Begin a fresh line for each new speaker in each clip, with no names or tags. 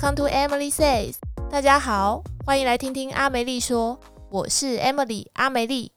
Welcome to Emily says，大家好，歡迎來聽聽啊沒力說。我是 Emily 啊沒力，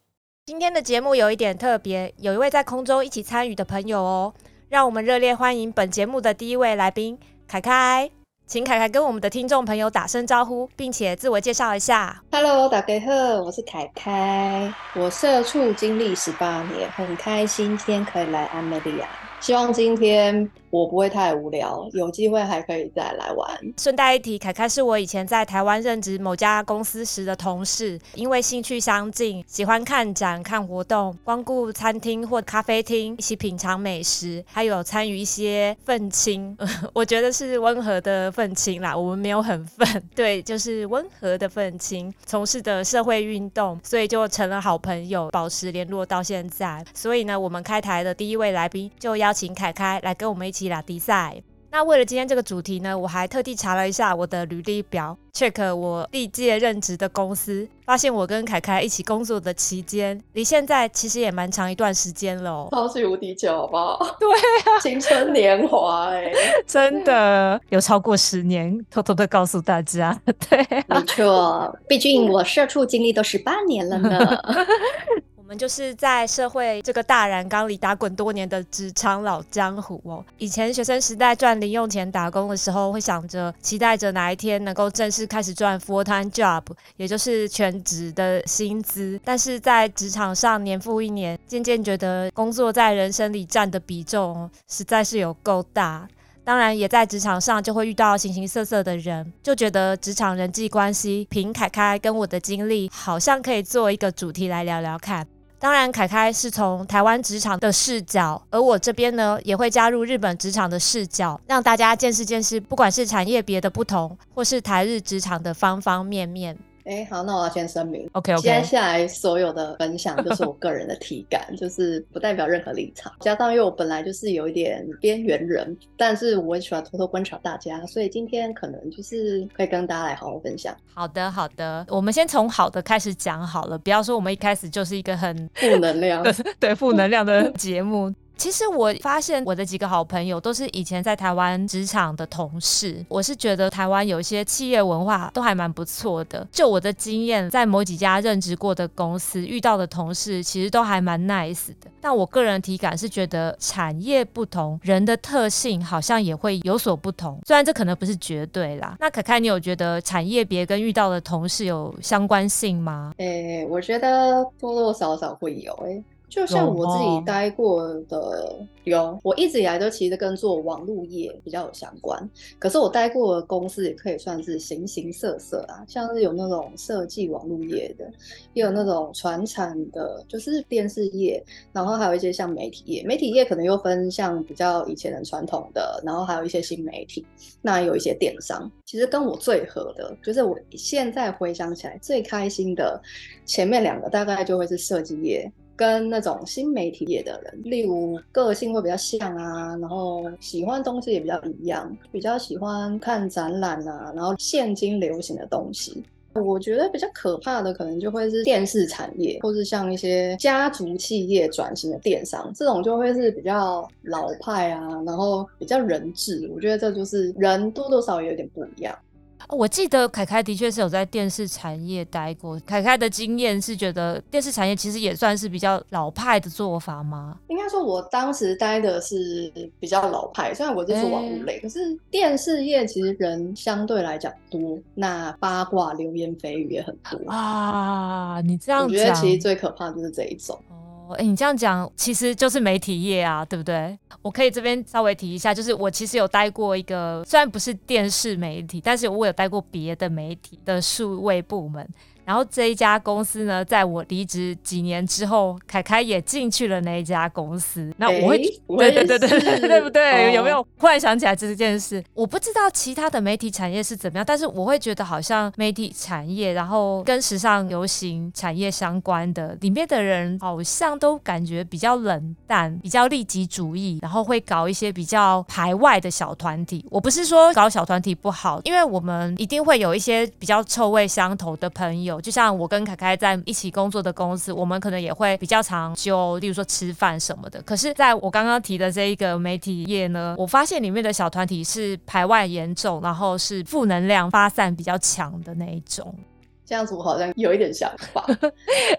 今天的節目有一點特別，有一位在空中一起參與的朋友哦，讓我們熱烈歡迎本節目的第一位來賓凱開，請凱開跟我們的聽眾朋友打聲招呼，並且自我介紹一下。Hello 大家好，我是凱
開，我社畜經歷十八年，很開心今天可以來啊沒力亞，希望今天。我不會太無聊，有機會還可以再來玩。
順帶一提，凱開是我以前在台灣任職某家公司時的同事，因為興趣相近，喜歡看展、看活動，光顧餐廳或咖啡廳，一起品嘗美食，還有參與一些憤青，嗯，我覺得是溫和的憤青啦。我們沒有很憤，對，就是溫和的憤青，從事的社會運動，所以就成了好朋友，保持聯絡到現在。所以呢，我們開台的第一位來賓就邀請凱開來跟我們一起。迪拉迪賽。那為了今天這個主題呢，我還特地查了一下我的履歷表，check 我歷屆任職的公司，發現我跟凱凱一起工作的期間，離現在其實也蠻長一段時間了。超級無敵久，好不好？對呀，啊，青春年華哎、欸，真的有超過十年。偷偷的告訴大家，
對、啊，沒錯，畢竟我社畜經歷都十八年了呢。
我們就是在社會這個大染缸裡打滾多年的職場老江湖哦。以前學生時代賺零用錢打工的時候，會想着期待着哪一天能夠正式開始賺 full-time job，也就是全職的薪資。但是在職場上年復一年，漸漸覺得工作在人生裡佔的比重哦，實在是有夠大。當然，也在職場上就會遇到形形色色的人，就覺得職場人際關係憑凱開跟我的經歷，好像可以做一個主題來聊聊看。當然，凱開是從台灣職場的視角，而我這邊呢，也會加入日本職場的視角，讓大家見識見識，不管是產業別的不同，或是台日職場的方方面面。
哎、欸，好，那我要先聲明 Okay, okay，接下來所有的分享就是我個人的體感， 就是不代表任何立場。加上因為我本來就是有一點邊緣人，但是我也喜歡偷偷觀察大家，所以今天可能就是可以跟大家來好好分享。
好的，好的，我們先從好的開始講好了，不要說我們一開始就是一個很負能量， 對負能量的節目。 其實我發現我的幾個好朋友都是以前在台灣職場的同事。我是覺得台灣有一些企業文化都還蠻不錯的。就我的經驗，在某幾家任職過的公司遇到的同事，其實都還蠻 nice 的。但我個人體感是覺得產業不同，人的特性好像也會有所不同。雖然這可能不是絕對啦。那凱開你有覺得產業別跟遇到的同事有相關性嗎？誒、欸，
我覺得多多少少會有誒、欸。就像我自己待過的，有、哦、有，我一直以來都其實跟做網絡業比較有相關。可是我待過的公司也可以算是形形色色啊，像是有那種設計網絡業的，也有那種傳產的，就是電視業，然後還有一些像媒體業。媒體業可能又分像比較以前的傳統的，然後還有一些新媒體。那有一些電商，其實跟我最合的就是我現在回想起來最開心的，前面兩個大概就會是設計業，跟那種新媒體業的人，例如個性會比較像啊，然後喜歡東西也比較一樣，比較喜歡看展覽啊，然後現今流行的東西。我覺得比較可怕的，可能就會是電視產業，或是像一些家族企業轉型的電商，這種就會是比較老派啊，然後比較人治。我覺得這就是人多多少少也有點不一樣。
我記得凱開的確是有在電視產業待過，凱開的經驗是覺得電視產業其實也算是比較老派的做法嗎？
應該說，我當時待的是比較老派，雖然我就是網路類，可是電視業其實人相對來講多，那八卦、流言蜚語也很多啊。你這樣講，我覺得其實最可怕就是這一種。
哎、欸，你這樣講其實就是媒體業啊，對不對？我可以這邊稍微提一下，就是我其實有待過一個，雖然不是電視媒體，但是我有待過別的媒體的數位部門。然後這一家公司呢，在我離職幾年之後，凱開也進去了那一家公司。那我會，欸、對對對對對， 對不對、哦有？有沒有？忽然想起來這件事，我不知道其他的媒體產業是怎麼樣，但是我會覺得好像媒體產業，然後跟時尚流行產業相關的裡面的人，好像都感覺比較冷淡，比較利己主義，然後會搞一些比較排外的小團體。我不是說搞小團體不好，因為我們一定會有一些比較臭味相投的朋友。就像我跟凱開在一起工作的公司，我們可能也會比較常就，例如說吃飯什麼的。可是，在我剛剛提的這一個媒體業呢，我發現裡面的小團體是排外嚴重，然後是負能量發散比較強的那一種。這
樣子我好像有一點想法，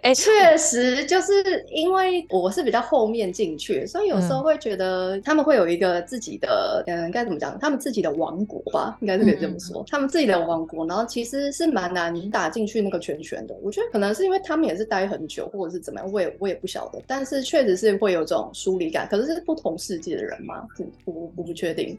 哎、 欸，確實就是因為我是比較後面進去，所以有時候會覺得他們會有一個自己的，嗯，該、嗯、怎麼講，他們自己的王國吧，應該是可以這麼說，嗯，他們自己的王國，然後其實是蠻難打進去那個圈圈的。我覺得可能是因為他們也是待很久，或者是怎麼樣，我也我也不曉得。但是確實是會有這種疏離感，可是是不同世界的人嘛，我不不確定。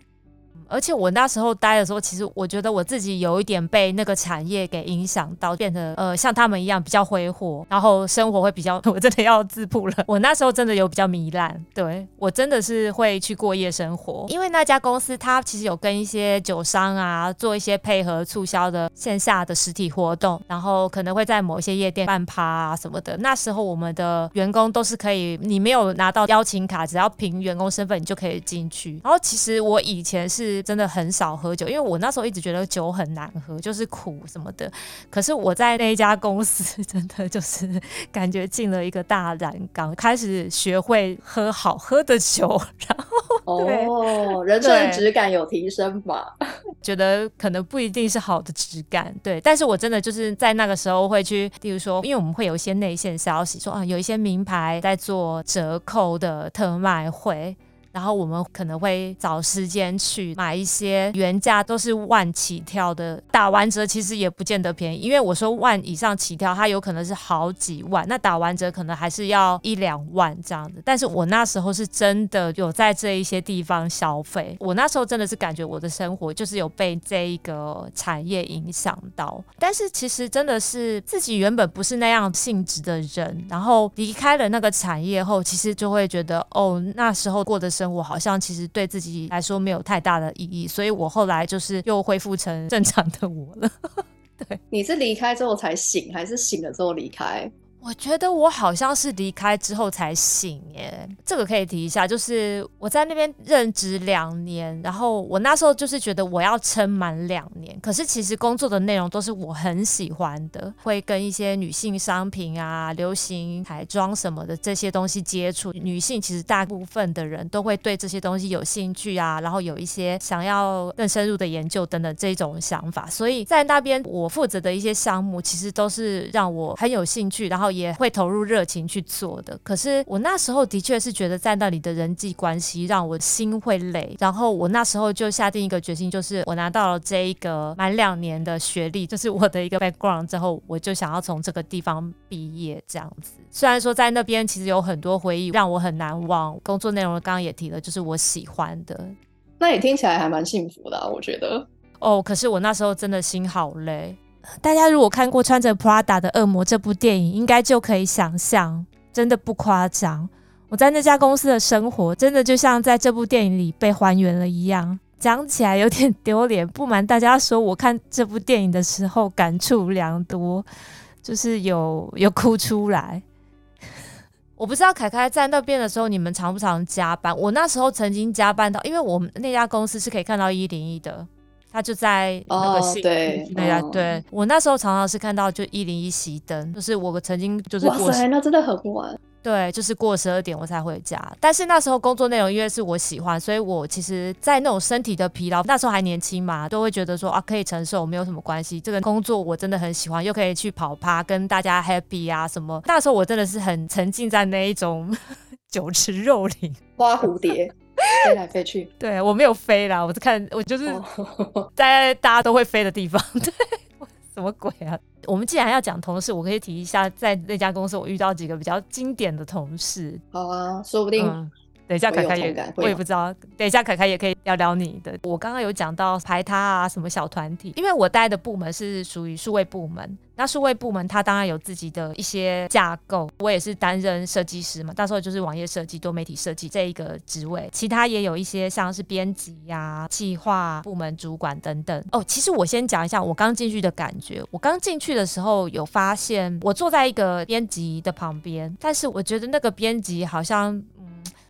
而且我那時候待的時候，其實我覺得我自己有一點被那個產業給影響到，變得呃像他們一樣比較揮霍，然後生活會比較……我真的要自曝了，我那時候真的有比較糜爛，對，我真的是會去過夜生活，因為那家公司它其實有跟一些酒商啊做一些配合促銷的線下的實體活動，然後可能會在某一些夜店辦趴啊什麼的。那時候我們的員工都是可以，你沒有拿到邀請卡，只要憑員工身份你就可以進去。然後其實我以前是。是真的很少喝酒，因為我那時候一直覺得酒很難喝，就是苦什麼的。可是我在那一家公司，真的就是感覺進了一個大染缸，開始學會喝好喝的酒。然後哦對對，人生的質感有提升吧？覺得可能不一定是好的質感，對。但是我真的就是在那個時候會去，比如說，因為我們會有一些內線消息，說啊，有一些名牌在做折扣的特賣會。然後我們可能會找時間去買一些原價都是萬起跳的，打完折其實也不見得便宜，因為我說萬以上起跳，它有可能是好幾萬，那打完折可能還是要一兩萬這樣的。但是我那時候是真的有在這一些地方消費，我那時候真的是感覺我的生活就是有被這一個產業影響到。但是其實真的是自己原本不是那樣性質的人，然後離開了那個產業後，其實就會覺得哦，那時候過的生。我好像其實對自己來說沒有太大的意義，所以我後來就是又恢復成正常的我了。
對，你是離開之後才醒，還是醒了之後離開？
我覺得我好像是離開之後才醒耶。這個可以提一下，就是我在那邊任職兩年，然後我那時候就是覺得我要撐滿兩年。可是其實工作的內容都是我很喜歡的，會跟一些女性商品啊、流行彩妝什麼的這些東西接觸。女性其實大部分的人都會對這些東西有興趣啊，然後有一些想要更深入的研究等等這種想法。所以在那邊我負責的一些項目，其實都是讓我很有興趣，然後。也會投入熱情去做的。可是我那時候的確是覺得在那裡的人際關係讓我心會累。然後我那時候就下定一個決心，就是我拿到了這一個滿兩年的學歷，就是我的一個 background 之後，我就想要從這個地方畢業這樣子。雖然說在那邊其實有很多回憶讓我很難忘，工作內容剛剛也提了，就是我喜歡的。那你聽起來還蠻幸福的啊，我覺得。哦，可是我那時候真的心好累。大家如果看過穿着 Prada 的惡魔這部電影，應該就可以想象，真的不誇張。我在那家公司的生活，真的就像在這部電影裡被還原了一樣。講起來有點丟臉，不瞞大家說，我看這部電影的時候感觸良多，就是有有哭出來。我不知道凱開在那邊的時候，你們常不常加班？我那時候曾經加班到，因為我們那家公司是可以看到一零一的。他就在那個，信、oh, 那個信對，對呀、oh. 對，我那時候常常是看到就一零一熄燈，就是我曾經就是過十，哇
塞，那真的很晚，
對，就是過十二點我才回家。但是那時候工作內容因為是我喜歡，所以我其實在那種身體的疲勞，那時候還年輕嘛，都會覺得說啊可以承受，沒有什麼關係。這個工作我真的很喜歡，又可以去跑趴，跟大家 happy 啊什麼。那時候我真的是很沉浸在那一種酒池肉林、花蝴蝶。 飛來飛去，對我沒有飛啦，我是看，我就是在大家都會飛的地方，對，什麼鬼啊？我們既然要講同事，我可以提一下，在那家公司我遇到幾個比較經典的同事。好啊，說不定。嗯等一下凱開，凱開也，我也不知道。等一下，凱開也可以聊聊你的。我剛剛有講到排他啊，什麼小團體，因為我待的部門是屬於數位部門。那數位部門它當然有自己的一些架構，我也是擔任設計師嘛，到時候就是網頁設計、多媒體設計這一個職位。其他也有一些像是編輯呀、啊、企劃部門主管等等。哦，其實我先講一下我剛進去的感覺。我剛進去的時候有發現，我坐在一個編輯的旁邊，但是我覺得那個編輯好像。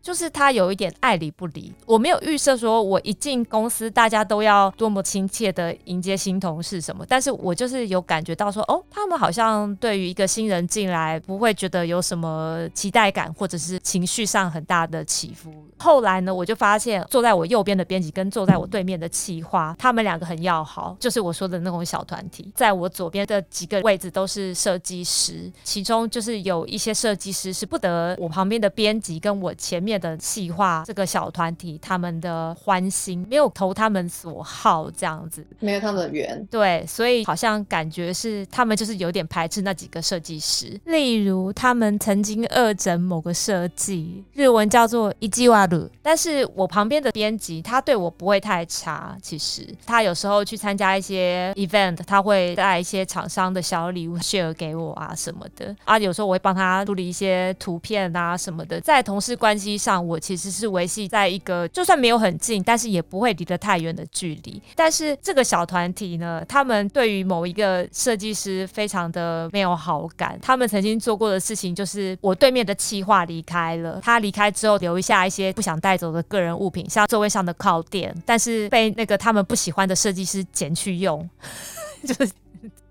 就是他有一點愛理不理。我沒有預設說，我一進公司大家都要多麼親切的迎接新同事什麼。但是我就是有感覺到說，哦，他們好像對於一個新人進來不會覺得有什麼期待感，或者是情緒上很大的起伏。後來呢，我就發現坐在我右邊的編輯跟坐在我對面的企劃，他們兩個很要好，就是我說的那種小團體。在我左邊的幾個位置都是設計師，其中就是有一些設計師是不得我旁邊的編輯跟我前面的企劃，這個小團體，他們的歡心，沒有投他們所好，這樣子沒有他們的緣。對，所以好像感覺是他們就是有點排斥那幾個設計師。例如，他們曾經惡整某個設計，日文叫做一季瓦魯。但是我旁邊的編輯，他對我不會太差。其實他有時候去參加一些 event，他會帶一些廠商的小禮物 share 給我啊什麼的。啊，有時候我會幫他處理一些圖片啊什麼的，在同事關係。上我其實是維繫在一個就算沒有很近，但是也不會離得太遠的距離。但是這個小團體呢，他們對於某一個設計師非常的沒有好感。他們曾經做過的事情就是，我對面的企劃離開了。他離開之後，留下一些不想帶走的個人物品，像座位上的靠墊，但是被那個他們不喜歡的設計師撿去用， 就是。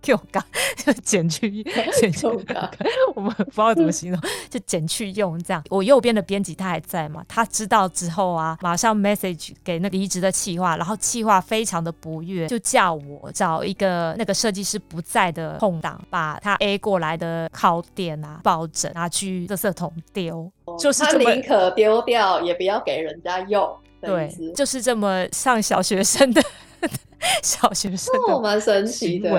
Q 剛就減去一，減用我們不知道怎麼形容， 就減去用這樣。我右邊的編輯他還在嘛，他知道之後啊，馬上 message 給那個離職的企劃，然後企劃非常的不悅，就叫我找一個那個設計師不在的空檔，把他 A 過來的靠墊啊、抱枕拿去垃圾桶丟，
就是、哦、他寧可丟掉也不要給人家用，對，
就是這麼像小學生的。 小學生的行為、哦、蠻神奇的。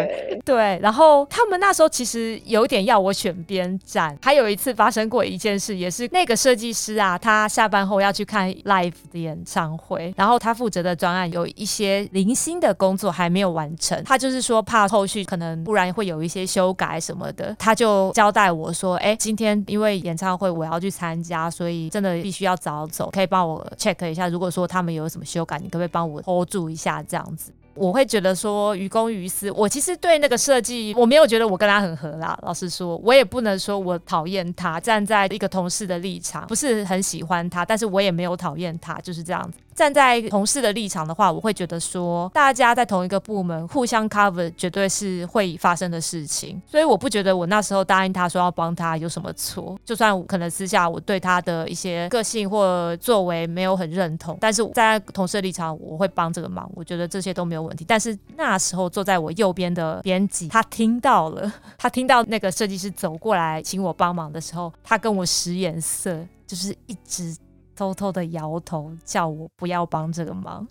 對，然後他們那時候其實有點要我選邊站。還有一次發生過一件事，也是那個設計師啊，他下班後要去看 live 的演唱會，然後他負責的專案有一些零星的工作還沒有完成，他就是說怕後續可能不然會有一些修改什麼的，他就交代我說：“哎、欸，今天因為演唱會我要去參加，所以真的必須要早走，可以幫我 check 一下，如果說他們有什麼修改，你可不可以幫我 hold 住一下這樣子？”我會覺得說於公於私，我其實對那個設計，我沒有覺得我跟他很合啦。老實說，我也不能說我討厭他，站在一個同事的立場，不是很喜歡他，但是我也沒有討厭他，就是這樣子。站在同事的立場的話，我會覺得說，大家在同一個部門互相 cover 絕對是會發生的事情，所以我不覺得我那時候答應他說要幫他有什麼錯。就算我可能私下我對他的一些個性或作為沒有很認同，但是在同事的立場，我會幫這個忙，我覺得這些都沒有問題。但是那時候坐在我右邊的編輯，他聽到了，他聽到那個設計師走過來請我幫忙的時候，他跟我使眼色，就是一直。偷偷的搖頭，叫我不要幫這個忙。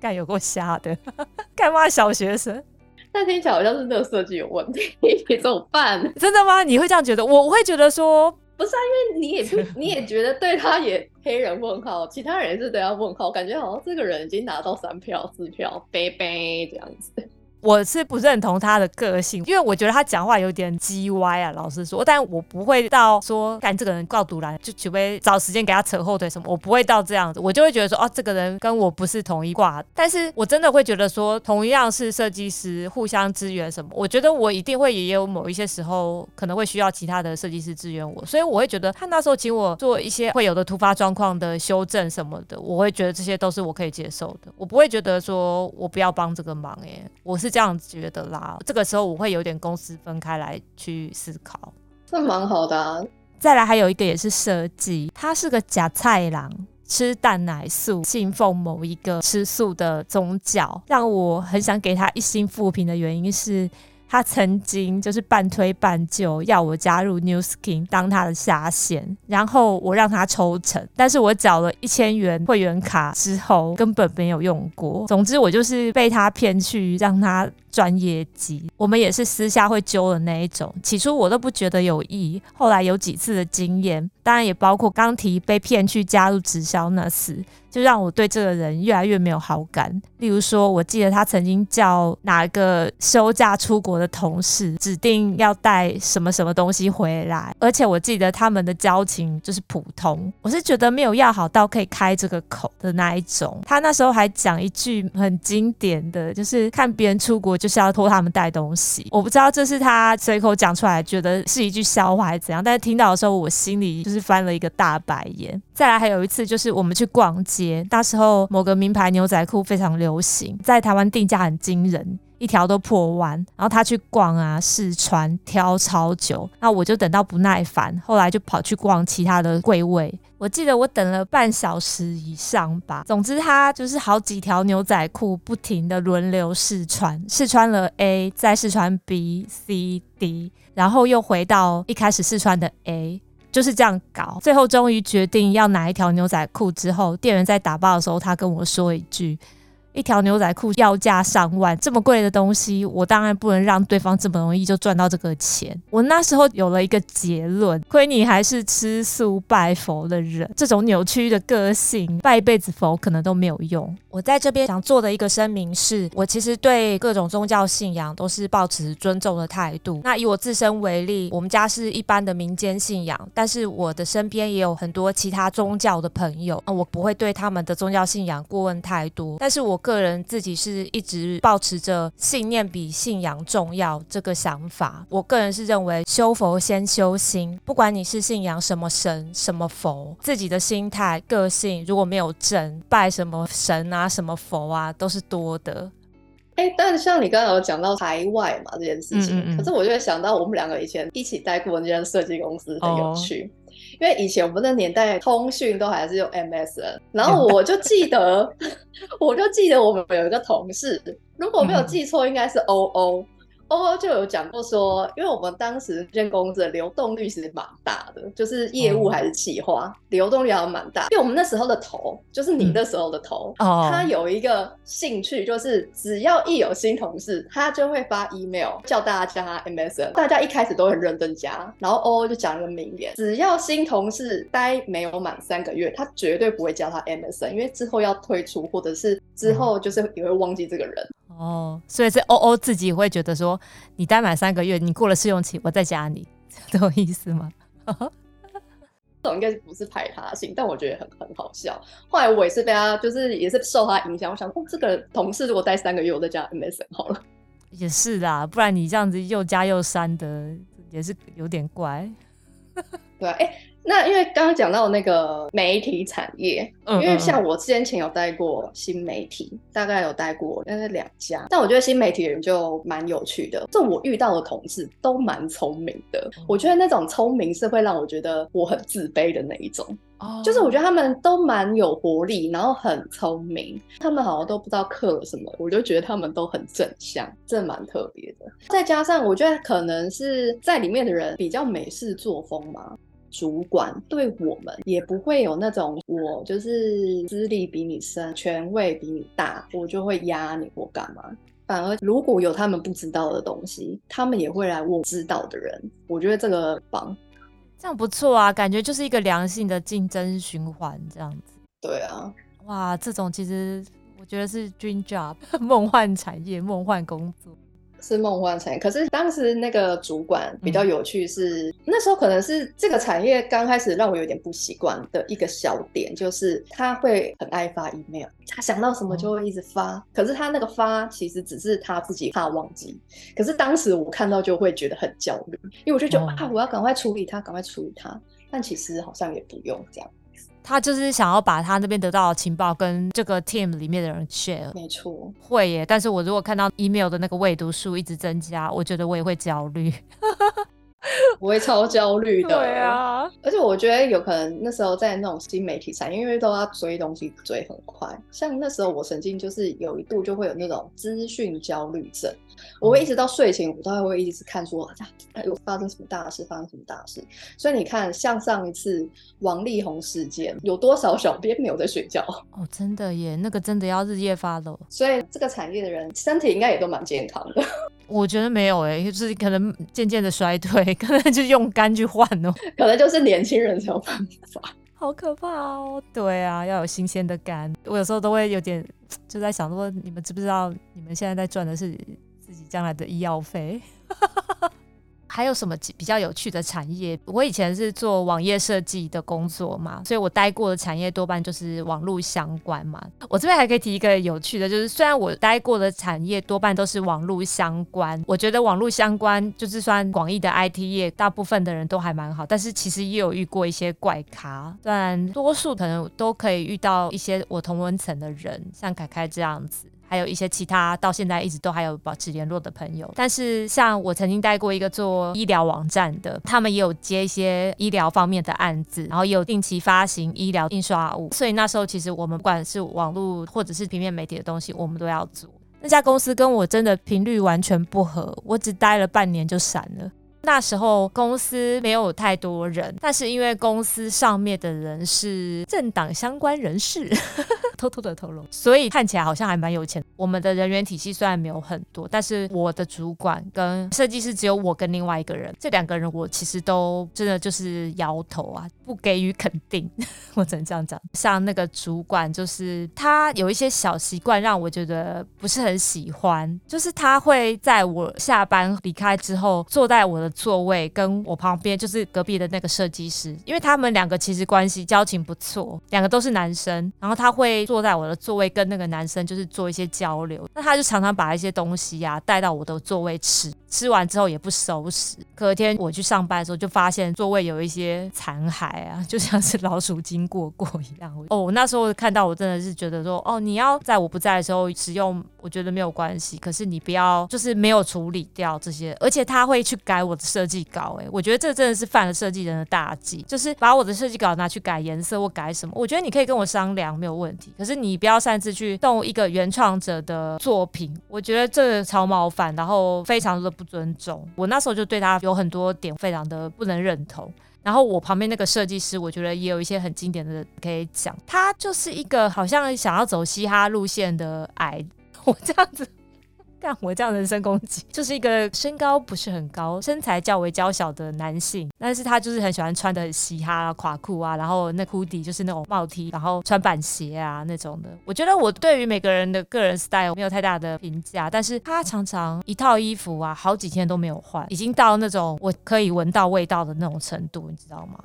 幹 有夠瞎的，幹罵小學生。那聽起來好像是那個設計有問題，怎麼辦？真的嗎？你會這樣覺得？我我會覺得說
不是啊，因為你也 你也覺得對他也黑人問號，其他人也是對他問號，感覺好像這個人已經拿到三票四票拜拜這樣子。
我是不認同他的個性，因為我覺得他講話有點雞歪啊。老實說，但我不會到說幹這個人夠度爛，就除非找時間給他扯後腿什麼，我不會到這樣子。我就會覺得說，哦，這個人跟我不是同一掛。但是我真的會覺得說，同樣是設計師，互相支援什麼，我覺得我一定會也有某一些時候可能會需要其他的設計師支援我，所以我會覺得他那時候請我做一些會有的突發狀況的修正什麼的，我會覺得這些都是我可以接受的，我不會覺得說我不要幫這個忙哎、欸，我是。是這樣覺得啦，這個時候我會有點公私分開來去思考，這蠻好的啊，嗯。再來還有一個也是設計，他是個假菜郎，吃蛋奶素，信奉某一個吃素的宗教，讓我很想給他一心扶貧的原因是，他曾經就是半推半就，要我加入 Nu Skin 當他的下線，然後我讓他抽成，但是我繳了一千元會員卡之後根本沒有用過。總之我就是被他騙去讓他賺業績，我們也是私下會揪的那一種。起初我都不覺得有異，後來有幾次的經驗。當然也包括剛提被騙去加入直銷那次，就讓我對這個人越來越沒有好感。例如說，我記得他曾經叫哪個休假出國的同事指定要帶什麼什麼東西回來，而且我記得他們的交情就是普通，我是覺得沒有要好到可以開這個口的那一種。他那時候還講一句很經典的就是，看別人出國就是要托他們帶東西，我不知道這是他隨口講出來覺得是一句笑話還是怎樣，但是聽到的時候我心裡就是。翻了一個大白眼。再來還有一次，就是我們去逛街，那時候某個名牌牛仔褲非常流行，在台灣定價很驚人，一條都破萬。然後他去逛啊試穿，挑超久。那我就等到不耐煩，後來就跑去逛其他的櫃位。我記得我等了半小時以上吧。總之他就是好幾條牛仔褲不停的輪流試穿，試穿了 A，再試穿 B、C、D，然後又回到一開始試穿的 A。就是這樣搞，最後終於決定要拿一條牛仔褲之後，店員在打包的時候，他跟我說一句。一條牛仔褲要價上萬，這麼貴的東西，我當然不能讓對方這麼容易就賺到這個錢。我那時候有了一個結論：虧你還是吃素拜佛的人，這種扭曲的個性，拜一輩子佛可能都沒有用。我在這邊想做的一個聲明是，我其實對各種宗教信仰都是抱持尊重的態度。那以我自身為例，我們家是一般的民間信仰，但是我的身邊也有很多其他宗教的朋友啊，我不會對他們的宗教信仰過問太多，但是我。個人自己是一直保持着信念比信仰重要這個想法。我個人是認為修佛先修心，不管你是信仰什麼神什麼佛，自己的心態個性如果沒有正，拜什麼神啊什麼佛啊都是多的。哎、欸，但像你剛
剛有講到海外嘛，這件事情，嗯嗯嗯，可是我就會想到我們兩個以前一起待過那間設計公司、哦、很有趣。因為以前我們那年代通訊都還是用 MSN，然後我就記得， 我就記得我們有一個同事，如果沒有記錯，應該是 OO。O O 就有講過說，因為我們當時這間公司的流動率是蠻大的，就是業務還是企劃、嗯，流動率還蠻大。因為我們那時候的頭，就是你那時候的頭，他、嗯、有一個興趣，就是只要一有新同事，他就會發 email 叫大家加 MSN。大家一開始都很認真加，然後 O O 就講了個名言：只要新同事待沒有滿三個月，他絕對不會加他 MSN，因為之後要退出，或者是之後就是也會忘記這個人。嗯
哦，所以是哦哦自己會覺得說，你待滿三個月，你過了試用期，我再加你，懂我意思嗎？
這 應該是不是排他性，但我覺得很很好笑。後來我也是被他，就是也是受他影響，我想說，哦，這個同事如果待三個月，我再加 MSN 好了。
也是啦，不然你這樣子又加又刪的，也是有點怪。
對、啊，哎、欸。那因為剛剛講到那個媒體產業，嗯嗯嗯，因為像我之前前有帶過新媒體，大概有帶過那是兩家，但我覺得新媒體人就蠻有趣的，就我遇到的同事都蠻聰明的。我覺得那種聰明是會讓我覺得我很自卑的那一種，哦、就是我覺得他們都蠻有活力，然後很聰明，他們好像都不知道嗑了什麼，我就覺得他們都很正向，這蠻特別的。再加上我覺得可能是在裡面的人比較美式作風嘛。主管對我們也不會有那種，我就是資歷比你深，權位比你大，我就會壓你，我幹嘛？反而如果有他們不知道的東西，他們也會來我知道的人。我覺得這個幫
這樣不錯啊，感覺就是一個良性的競爭循環這樣子。對啊，哇，這種其實我覺得是 dream job，夢幻產業，夢幻工作。
是夢幻產業，可是當時那個主管比較有趣是，是、嗯、那時候可能是這個產業剛開始讓我有點不習慣的一個小點，就是他會很愛發 email，他想到什麼就會一直發、嗯，可是他那個發其實只是他自己怕忘記，可是當時我看到就會覺得很焦慮，因為我就覺得、嗯、啊，我要趕快處理他，趕快處理他，但其實好像也不用這樣。
他就是想要把他那邊得到的情報跟這個 team 裡面的人 share，沒錯。會耶，但是我如果看到 email 的那個未讀數一直增加，我覺得我也會焦慮。
我會超焦慮的，對啊，而且我覺得有可能那時候在那種新媒體產業，因為都要追東西追很快，像那時候我曾經就是有一度就會有那種資訊焦慮症，我會一直到睡前，我都會一直看說，哎，有發生什麼大事？發生什麼大事？所以你看，像上一次王力宏事件，有多少小編沒有在睡覺？
哦，真的耶，那個真的要日夜 follow，所以這個產業的人身體應該也都蠻健康的。 我覺得沒有誒、欸，就是可能漸漸的衰退。可能就用肝去換哦，可能就是年輕人才有辦法，好可怕哦！對啊，要有新鮮的肝，我有時候都會有點就在想說，你們知不知道，你們現在在賺的是自己將來的醫藥費。還有什麼比較有趣的產業？我以前是做網頁設計的工作嘛，所以我待過的產業多半就是網路相關嘛。我這邊還可以提一個有趣的，就是雖然我待過的產業多半都是網路相關，我覺得網絡相關就是算廣義的 IT 業，大部分的人都還蠻好，但是其實也有遇過一些怪咖。雖然多數可能都可以遇到一些我同溫層的人，像凱開這樣子。還有一些其他到現在一直都還有保持聯絡的朋友，但是像我曾經帶過一個做醫療網站的，他們也有接一些醫療方面的案子，然後也有定期發行醫療印刷物，所以那時候其實我們不管是網絡或者是平面媒體的東西，我們都要做。那家公司跟我真的頻率完全不合，我只待了半年就閃了。那時候公司沒有太多人，但是因為公司上面的人是政黨相關人士， 偷偷的投融，所以看起來好像還蠻有錢。我們的人員體系雖然沒有很多，但是我的主管跟設計師只有我跟另外一個人，這兩個人我其實都真的就是搖頭啊。不給予肯定，我只能這樣講。像那個主管，就是他有一些小習慣讓我覺得不是很喜歡，就是他會在我下班離開之後，坐在我的座位，跟我旁邊就是隔壁的那個設計師，因為他們兩個其實關係交情不錯，兩個都是男生，然後他會坐在我的座位跟那個男生就是做一些交流，那他就常常把一些東西呀、啊、帶到我的座位吃。吃完之後也不收拾。隔天我去上班的時候，就發現座位有一些殘骸啊，就像是老鼠經過過一樣。哦、oh,，那時候看到我真的是覺得說，哦、oh,，你要在我不在的時候使用，我覺得沒有關係。可是你不要就是沒有處理掉這些，而且他會去改我的設計稿、欸。誒，我覺得這真的是犯了設計人的大忌，就是把我的設計稿拿去改顏色或改什麼。我覺得你可以跟我商量，沒有問題。可是你不要擅自去動一個原創者的作品，我覺得這超冒犯，然後非常的。不尊重，我那時候就對他有很多點非常的不能認同。然後我旁邊那個設計師，我覺得也有一些很經典的可以講，他就是一個好像想要走嘻哈路線的矮，我這樣子。幹，我這樣的人身攻擊，就是一個身高不是很高，身材較為嬌小的男性，但是他就是很喜歡穿的很嘻哈啊、垮褲啊，然後那 hoodie 就是那種帽 T，然後穿板鞋啊那種的。我覺得我對於每個人的個人 style 沒有太大的評價，但是他常常一套衣服啊好幾天都沒有換，已經到那種我可以聞到味道的那種程度，你知道嗎？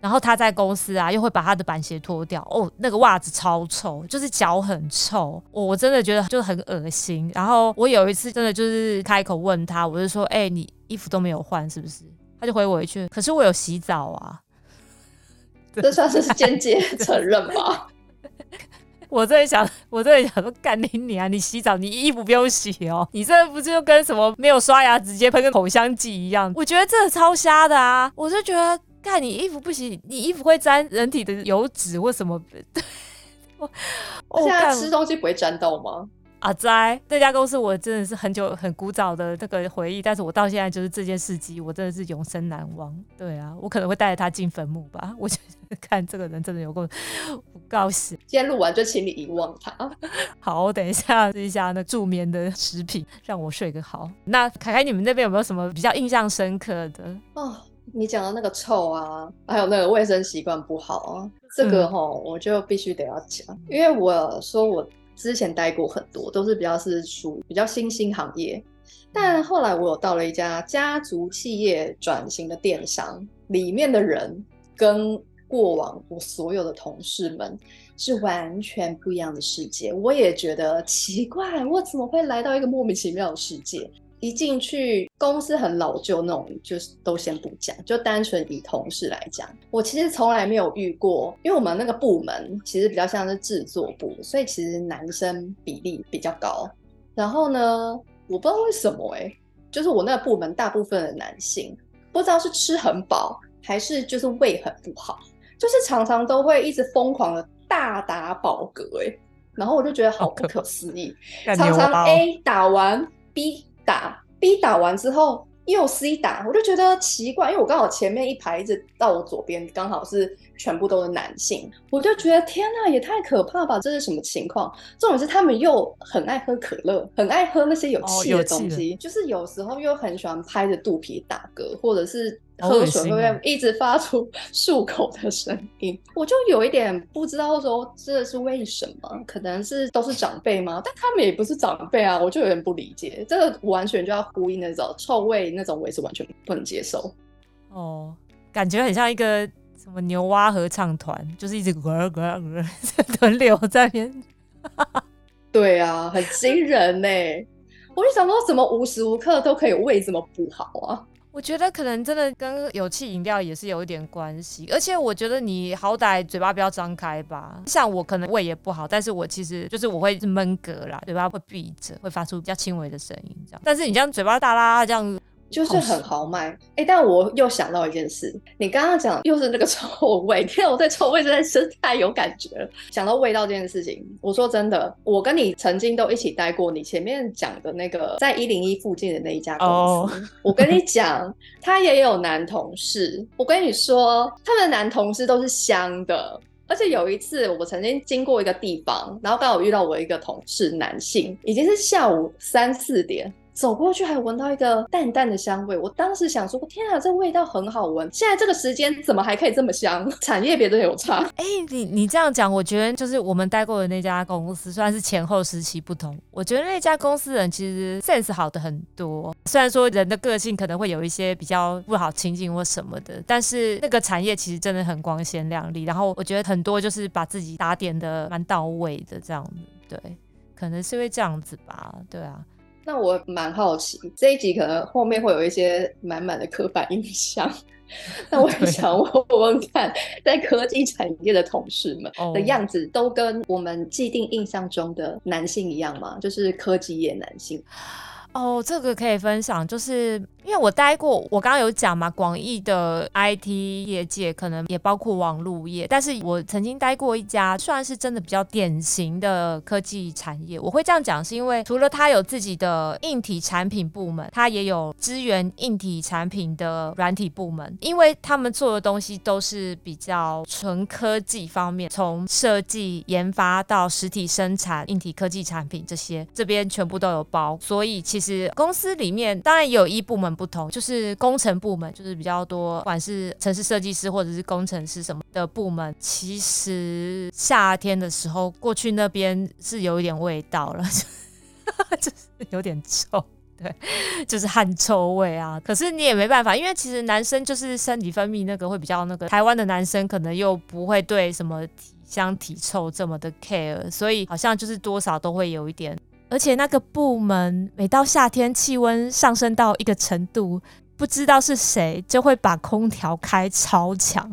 然後他在公司啊，又會把他的板鞋脫掉，哦，那個襪子超臭，就是腳很臭，哦、我真的覺得就很惡心。然後我有一次真的就是開口問他，我就說：“哎、欸，你衣服都沒有換是不是？”他就回我一句：“可是我有洗澡啊。”這算是間接承認吧？ 這算是間接承認吧 我在想，我在想說，幹你你啊，你洗澡，你衣服不用洗哦，你這不是就跟什麼沒有刷牙直接噴個口香劑一樣？我覺得這超瞎的啊！我就覺得。看你衣服不洗，你衣服會沾人體的油脂，為什麼？我、 哦、現在吃東
西不會沾到嗎？
阿、啊、哉，這家公司我真的是很久很古早的這個回憶，但是我到現在就是這件事情，我真的是永生難忘。對啊，我可能會帶着他進墳墓吧。我就看這個人真的有夠不高興。今天錄完就請你遺忘他。 好，我等一下試一下那助眠的食品，讓我睡個好。那凱開，你們那邊有沒有什麼比較印象深刻的？
哦。你講的那個臭啊，還有那個衛生習慣不好啊，這個齁、哦嗯，我就必須得要講，因為我說我之前待過很多，都是比較是屬於比較新興行業，但後來我有到了一家家族企業轉型的電商，裡面的人跟過往我所有的同事們是完全不一樣的世界，我也覺得奇怪，我怎麼會來到一個莫名其妙的世界？一進去，公司很老舊那種，就是都先不講，就單純以同事來講，我其實從來沒有遇過，因為我們那個部門其實比較像是製作部，所以其實男生比例比較高。然後呢，我不知道為什麼哎、欸，就是我那個部門大部分的男性，不知道是吃很飽還是就是胃很不好，就是常常都會一直瘋狂的大打飽嗝哎，然後我就覺得好不可思議，哦、呵呵，常常 A 打完 B。打 B 打完之後又 C 打，我就覺得奇怪，因為我剛好前面一排一直到我左邊，剛好是，全部都是男性，我就覺得天吶，也太可怕吧！這是什麼情況？重點是他們又很愛喝可樂，很愛喝那些有氣的東西、哦的，就是有時候又很喜歡拍着肚皮打嗝，或者是喝水會，會一直發出漱口的聲音、哦啊，我就有一點不知道說這是為什麼？可能是都是長輩嗎？但他們也不是長輩啊，我就有點不理解。這個完全就要呼應那種臭味，那種我也是完全不能接受。
哦，感覺很像一個。什麼牛蛙合唱團，就是一直嗝嗝嗝兒咕兒輪流在那邊。
對啊，很驚人耶。 我就想說，怎麼無時無刻都可以胃這麼不好啊？
我覺得可能真的跟有氣飲料也是有一點關係，而且我覺得你好歹嘴巴不要張開吧。像我可能胃也不好，但是我其實就是我會悶嗝啦，嘴巴會閉着，會發出比較輕微的聲音這樣。但
是你這樣嘴巴大剌剌這樣就是很豪邁、欸、但我又想到一件事，你剛剛講又是那個臭味，因為、啊、我對臭味真的是太有感覺了。想到味道這件事情，我說真的，我跟你曾經都一起待過，你前面講的那個在一零一附近的那一家公司，oh. 我跟你講，他也有男同事。我跟你說，他們的男同事都是香的。而且有一次，我曾經經過一個地方，然後剛好遇到我一個同事，男性，已經是下午三四點。走過去還聞到一個淡淡的香味，我當時想說，天啊，這個、味道很好聞。現在這個時
間怎麼還可以這麼香？產業別的有差。哎、欸，你你這樣講，我覺得就是我們待過的那家公司，雖然是前後時期不同，我覺得那家公司人其實 sense 好的很多。雖然說人的個性可能會有一些比較不好親近或什麼的，但是那個產業其實真的很光鮮亮麗。然後我覺得很多就是把自己打點的蠻到位的這樣子，對，可能是因為這樣子吧，對啊。
那我蠻好奇，這一集可能後面會有一些滿滿的刻板印象。 那我也想問問看，在科技產業的同事們的樣子，都跟我們
既定印象中的男性一樣嗎？Oh. 就是科技業男性？哦、oh，這個可以分享，就是。因為我待過，我剛剛有講嘛，廣義的 IT 業界可能也包括網路業，但是我曾經待過一家，算是真的比較典型的科技產業。我會這樣講，是因為除了它有自己的硬體產品部門，它也有支援硬體產品的軟體部門，因為他們做的東西都是比較純科技方面，從設計研發到實體生產硬體科技產品這些，這邊全部都有包。所以其實公司裡面當然也有一部門。不同就是工程部門，就是比較多，不管是程式設計師或者是工程師什麼的部門，其實夏天的時候過去那邊是有一點味道了， 就是有點臭，對，就是汗臭味啊。可是你也沒辦法，因為其實男生就是身體分泌那個會比較那個，台灣的男生可能又不會對什麼體香體臭這麼的 care，所以好像就是多少都會有一點。而且那個部門每到夏天氣溫上升到一個程度，不知道是誰就會把空調開超強，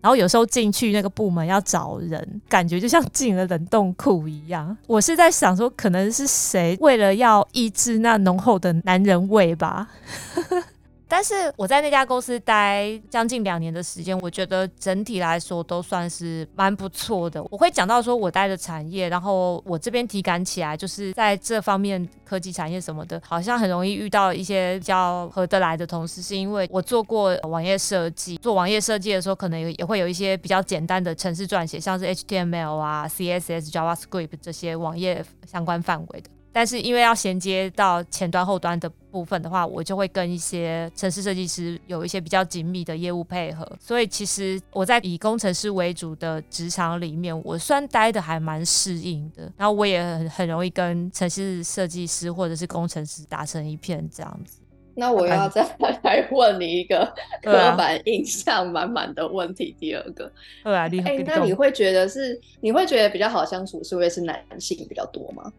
然後有時候進去那個部門要找人，感覺就像進了冷凍庫一樣。我是在想說，可能是誰為了要抑制那濃厚的男人味吧。 但是我在那家公司待將近兩年的時間，我覺得整體來說都算是蠻不錯的。我會講到說，我待的產業，然後我這邊體感起來就是在這方面科技產業什麼的，好像很容易遇到一些比較合得來的同事，是因為我做過網頁設計。做網頁設計的時候，可能也也會有一些比較簡單的程式撰寫，像是 HTML 啊、CSS、JavaScript 這些網頁相關範圍的。但是因為要銜接到前端後端的部分的話，我就會跟一些程式設計師有一些比較緊密的業務配合，所以其實我在以工程師為主的職場裡面，我算待的還蠻適應的。然後我也很很容易跟程式設計師或者是工程師打成一片這樣子。
那我要再來問你一個刻板、啊啊、印象滿滿的問題。第二個，
對啊，你哎、欸，那你
會覺得是？你會覺得比較好相處是會是男性比較多嗎？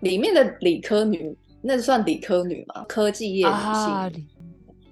裡面的理科女，那算理科女嗎？科技業女性。啊，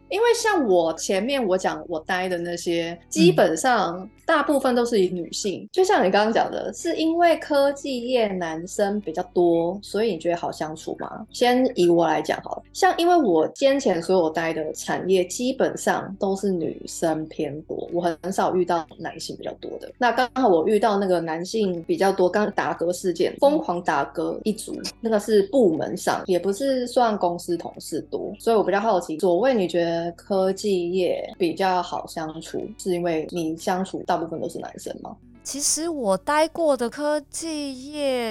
因為像我前面我講我待的那些，嗯，基本上。大部分都是以女性，就像你剛剛講的，是因為科技業男生比較多，所以你覺得好相處嗎？先以我來講好了，像因為我先前所有待的產業基本上都是女生偏多，我很少遇到男性比較多的。那剛好我遇到那個男性比較多，剛打嗝事件，瘋狂打嗝一族，那個是部門上也不是算公司同事多，所以我比較好奇，所謂你覺得科技業比較好相處，是因為你相處到。大部分都是男生
嗎？其實我待過的科技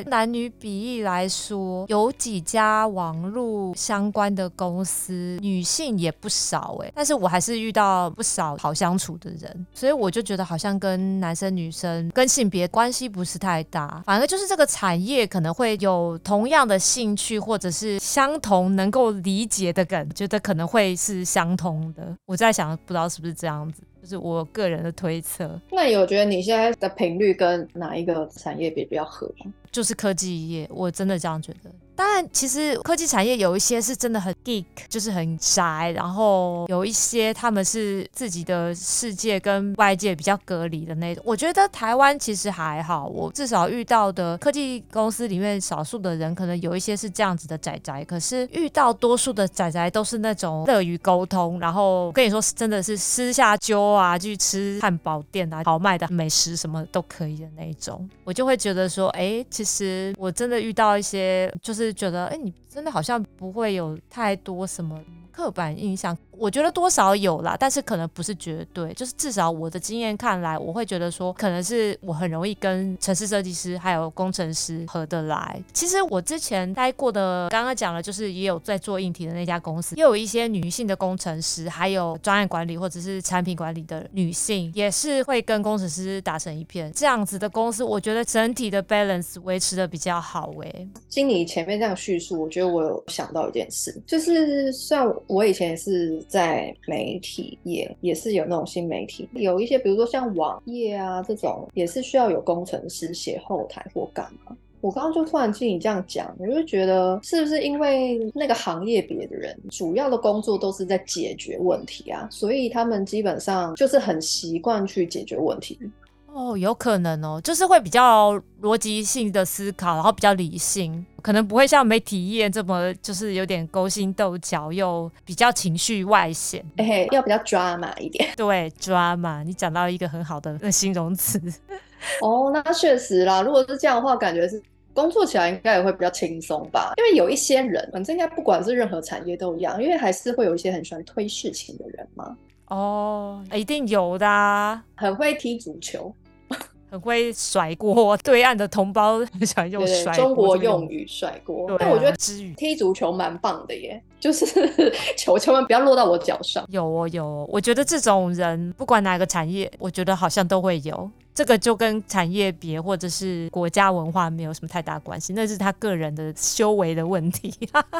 業男女比例來說，有幾家網絡相關的公司女性也不少哎，但是我還是遇到不少好相處的人，所以我就覺得好像跟男生女生跟性別關係不是太大，反而就是這個產業可能會有同樣的興趣或者是相同能夠理解的感覺，覺得可能會是相通的。我在想，不知道是不是這樣子。就是我個人的推測。
那你覺得你現在的頻率跟哪一個產業比比較合？
就是科技業，我真的這樣覺得。當然，其實科技產業有一些是真的很 geek，就是很宅，然後有一些他們是自己的世界跟外界比較隔離的那種。我覺得台灣其實還好，我至少遇到的科技公司裡面少數的人，可能有一些是這樣子的宅宅，可是遇到多數的宅宅都是那種樂於溝通，然後跟你說真的是私下揪啊，去吃漢堡店啊，豪邁的美食什麼都可以的那一種。我就會覺得說，哎、欸，其實我真的遇到一些就是。就是覺得，哎、欸，你真的好像不會有太多什麼刻板印象。我覺得多少有啦，但是可能不是絕對，就是至少我的經驗看來，我會覺得說可能是我很容易跟程式設計師還有工程師合得來。其實我之前待過的，剛剛講了，就是也有在做硬體的那家公司，也有一些女性的工程師，還有專案管理或者是產品管理的女性，也是會跟工程師打成一片。這樣子的公司，我覺得整體的 balance 維持得比較好。欸，哎，
經理前面這樣敘述，我覺得我有想到一件事，就是像我以前也是。在媒體業也是有那種新媒體，有一些比如說像網頁啊這種，也是需要有工程師寫後台或幹嘛。我剛剛就突然聽你這樣講，我就覺得是不是因為那個行業別的人主要的工作都是在解決問題啊，所以他們基本上就是很習慣
去解決問題。哦，有可能哦，就是會比較邏輯性的思考，然後比較理性，可能不會像媒體業這麼就是有點勾心鬥角，又比較情緒外顯，嘿、
欸、要比較 drama 一
點。對，drama，你講到一個很好的形容詞。
哦、 oh，那確實啦，如果是這樣的話，感覺是工作起來應該也會比較輕鬆吧？因為有一些人，反正應該不管是任何產業都一樣，因為還是會有一些很喜歡推事情的人嘛。
哦、oh, 欸，一定有的、啊，很會踢足球。很會甩鍋，對岸的同胞很喜歡用甩鍋對對，中國用語
甩鍋、啊。但我覺得踢足球蠻棒的耶，啊、就是
球千萬不要落到我腳上。有哦有，我覺得這種人不管哪個產業，我覺得好像都會有。這個就跟產業別或者是國家文化沒有什麼太大關係，那是他個人的修為的問題。哎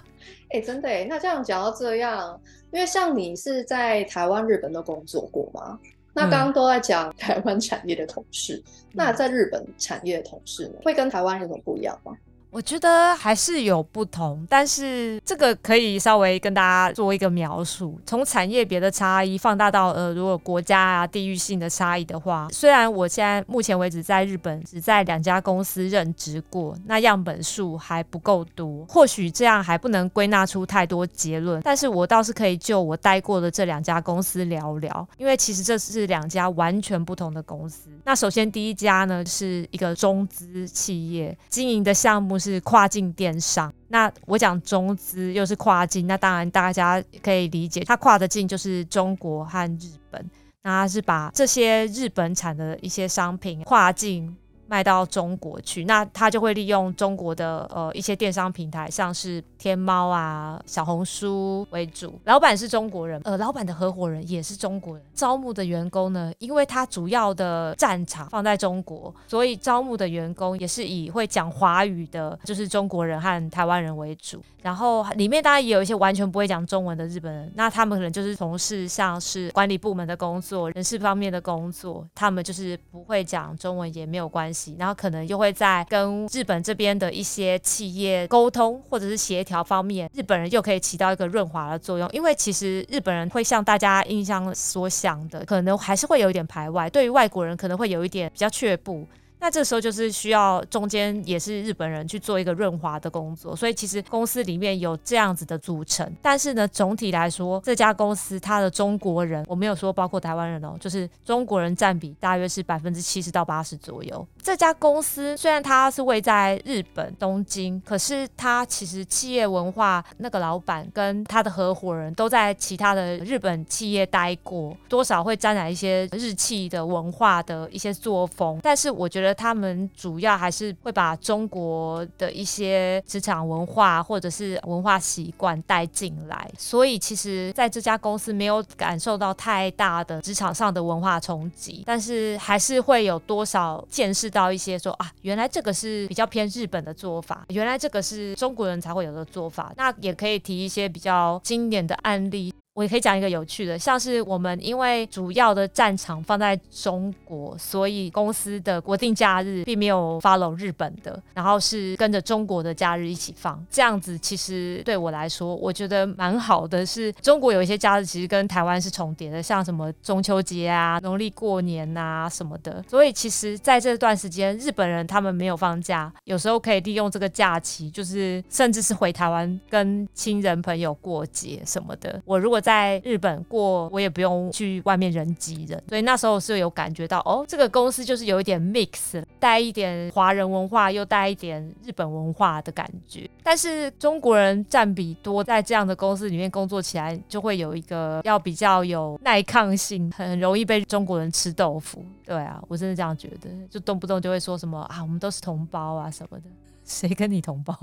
欸，真的哎，那這樣講到這樣，因為像你是在台灣、日本都工作過嗎？那剛剛都在講台灣產業的同事，嗯，那在日本產業的同事呢，嗯，會跟台灣有什麼不一樣嗎？
我覺得還是有不同，但是這個可以稍微跟大家做一個描述，從產業別的差異放大到呃，如果國家啊地域性的差異的話，雖然我現在目前為止在日本只在兩家公司任職過，那樣本數還不夠多，或許這樣還不能歸納出太多結論。但是我倒是可以就我待過的這兩家公司聊聊，因為其實這是兩家完全不同的公司。那首先第一家呢是一個中資企業，經營的項目是。是跨境電商。那我講中資又是跨境，那當然大家可以理解，它跨的境就是中國和日本。那它是把這些日本產的一些商品跨境。賣到中國去，那他就會利用中國的呃一些電商平台，像是天貓啊、小紅書為主。老板是中國人，呃，老板的合夥人也是中國人，招募的員工呢，因為他主要的戰場放在中國，所以招募的員工也是以會講華語的，就是中國人和台灣人為主。然後裡面當然也有一些完全不會講中文的日本人，那他們可能就是從事像是管理部門的工作、人事方面的工作，他們就是不會講中文也沒有關係。然後可能又會在跟日本這邊的一些企業溝通或者是協調方面，日本人又可以起到一個潤滑的作用。因為其實日本人會像大家印象所想的，可能還是會有一點排外，對於外國人可能會有一點比較卻步。那這時候就是需要中間也是日本人去做一個潤滑的工作，所以其實公司裡面有這樣子的組成。但是呢，總體來說，這家公司它的中國人，我沒有說包括台灣人哦，就是中國人佔比大約是百分之七十到八十左右。這家公司雖然它是位在日本東京，可是它其實企業文化那個老闆跟他的合夥人都在其他的日本企業待過，多少會沾染一些日企的文化的一些作風。但是我覺得。他們主要還是會把中國的一些職場文化或者是文化習慣帶進來，所以其實在這家公司沒有感受到太大的職場上的文化衝擊，但是還是會有多少見識到一些說啊，原來這個是比較偏日本的做法，原來這個是中國人才會有的做法。那也可以提一些比較經典的案例。我也可以講一個有趣的，像是我們因為主要的戰場放在中國，所以公司的國定假日並沒有 follow 日本的，然後是跟着中國的假日一起放。這樣子其實對我來說，我覺得蠻好的。是，中國有一些假日其實跟台灣是重疊的，像什麼中秋節啊、農曆過年啊什麼的。所以其實在這段時間，日本人他們沒有放假，有時候可以利用這個假期，就是甚至是回台灣跟親人朋友過節什麼的。我如果在日本過，我也不用去外面人擠人，所以那時候我是有感覺到，哦，這個公司就是有一點 mix，帶一點華人文化，又帶一點日本文化的感覺。但是中國人佔比多，在這樣的公司裡面工作起來，就會有一個要比較有耐抗性，很容易被中國人吃豆腐。對啊，我真的這樣覺得，就動不動就會說什麼啊，我們都是同胞啊什麼的，誰跟你同胞？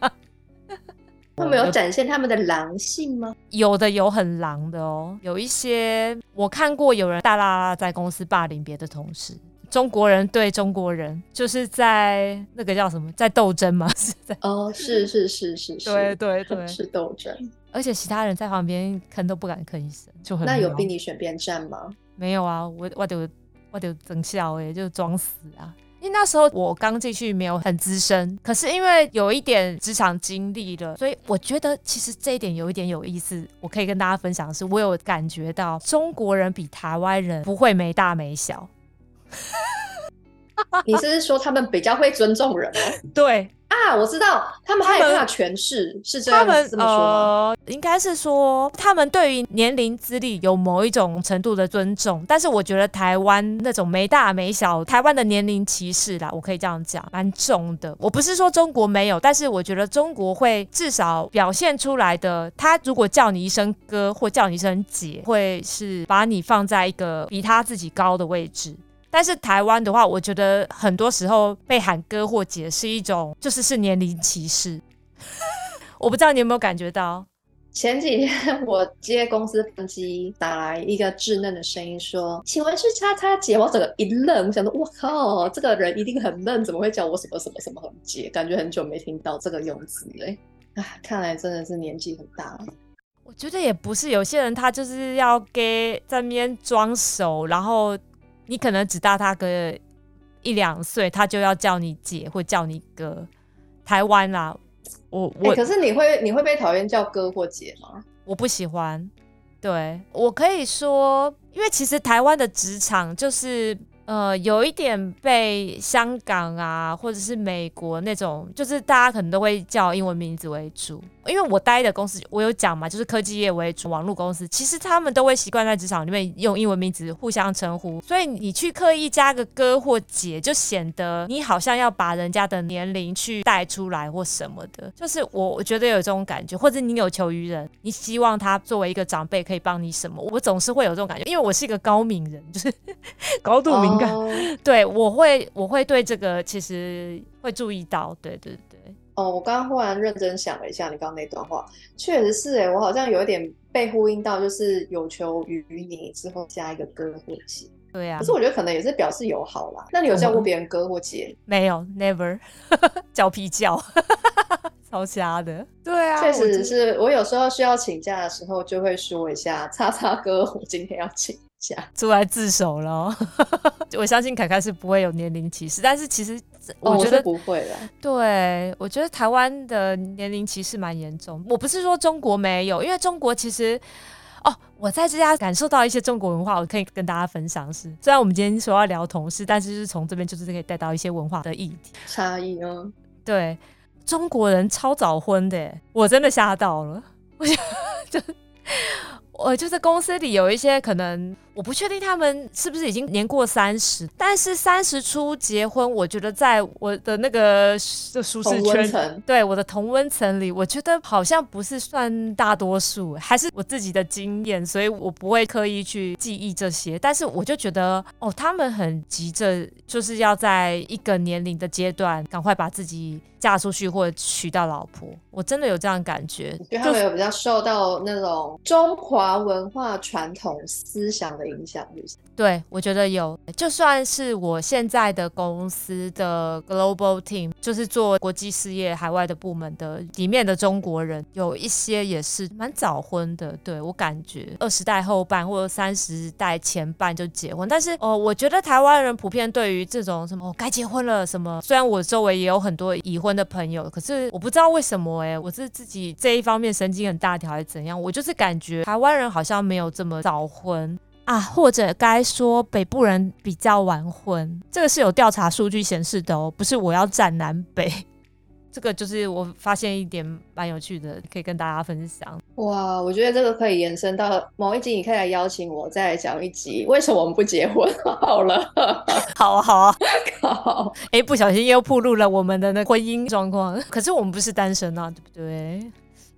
他們有展現他們的狼性嗎？有的，有很狼的哦。有一些我看過，有人大喇喇在公司霸凌別的同事，中國人對中國人，就是在那個叫什麼，在鬥爭嗎？是
在哦，是是是是是，對對對，是鬥爭。
而且其他人在旁邊吭都不敢吭一聲，就很
那，
有逼你選邊站嗎？沒有啊，我我得我丟真笑欸，就裝死啊。因為那時候我剛進去，沒有很資深，可是因為有一點職場經歷了，所以我覺得其實這一點有一點有意思。我可以跟大家分享是，我有感覺到中國人比台灣人不會沒大沒小。 你是不是說他們比較會尊重人啊？ 對。啊，我知道，他們害怕
詮釋是這樣，他這麼說、呃是說，
他們怎麼說，應該是說他們對於年齡資歷有某一種程度的尊重。但是我覺得台灣那種沒大沒小，台灣的年齡歧視啦，我可以這樣講，蠻重的。我不是說中國沒有，但是我覺得中國會至少表現出來的，他如果叫你一聲哥或叫你一聲姐，會是把你放在一個比他自己高的位置。但是台灣的話，我覺得很多時候被喊哥或姐是一種，就是是年齡歧視。 我不知道你有沒有感覺到？
前幾天我接公司分機，打來一個稚嫩的聲音說：“請問是叉叉姐？”我整個一愣，我想說：“哇，靠，這個人一定很嫩，怎麼會叫我什麼什麼什麼姐？感覺很久沒聽到這個用詞哎。”啊，看來真的是年紀很大了。
我覺得也不是，有些人他就是要給在那邊裝熟，然後。你可能只大他個一兩歲，他就要叫你姐或叫你哥。台灣啦、啊，我我、欸、可是你
會你會被討厭叫哥或姐嗎？
我不喜歡，對。我可以說，因為其實台灣的職場就是。呃，有一點被香港啊，或者是美國那種，就是大家可能都會叫英文名字為主。因為我待的公司，我有講嘛，就是科技業為主，網絡公司，其實他們都會習慣在職場裡面用英文名字互相稱呼。所以你去刻意加個哥或姐，就顯得你好像要把人家的年齡去帶出來或什麼的，就是我我覺得有這種感覺。或者你有求於人，你希望他作為一個長輩可以幫你什麼，我總是會有這種感覺，因為我是一個高敏人，就是高度敏。Oh. 哦， 對，我會，我會對這個其實會注意到，對對對。
哦，我剛剛忽然認真想了一下你剛剛那段話，確實是、欸，哎，我好像有一點被呼應到，就是有求於你之後加一個哥或姐，
對呀、啊。可是我覺得可能也是表示友好啦。那你有叫過別人哥或姐？「沒有，never， 叫屁叫， 超瞎的。
對啊，確實是我有時候需要請假的時候，就會說一下“叉叉哥”，我今天要請。
出來自首了。哦， 我相信凱凱是不會有年齡歧視，但是其實我覺得、哦、我不會了。對，我覺得台灣的年齡歧視蠻嚴重，我不是說中國沒有，因為中國其實哦，我在這家感受到一些中國文化，我可以跟大家分享是。雖然我們今天說要聊同事，但是，就是從這邊就是可以帶到一些文化的議題差異哦。對，中國人超早婚的，我真的嚇到了，我 就我就是公司裡有一些可能。我不確定他們是不是已經年過三十，但是三十初結婚，我覺得在我的那個舒適圈，對，我的同溫層裡，我覺得好像不是算大多數，還是我自己的經驗，所以我不會刻意去記憶這些。但是我就覺得，哦，他們很急着，就是要在一個年齡的階段，趕快把自己嫁出去或娶到老婆，我真的有這樣感覺。我覺得
他們有比較受到那種中華文化傳統思想的。影響
力。對，我覺得有。就算是我現在的公司的 global team，就是做國際事業海外的部門的裡面的中國人，有一些也是蠻早婚的。對，我感覺二十代後半或三十代前半就結婚。但是哦、呃，我覺得台灣人普遍對於這種什麼哦，該結婚了什麼，雖然我周圍也有很多已婚的朋友，可是我不知道為什麼哎、欸，我是自己這一方面神經很大條還是怎樣？我就是感覺台灣人好像沒有這麼早婚。啊，或者該說北部人比較晚婚，這個是有調查數據顯示的哦，不是我要戰南北，這個就是我發現一點蠻有趣的，可以跟大家分享。哇，
我覺得這個可以延伸到某一集，你可以來邀請我再來講一集，
為什麼我們不結婚？好了，好 啊好啊，好哎、啊啊欸，不小心又暴露了我們的那婚姻狀況。可是我們不是單身啊，對不對？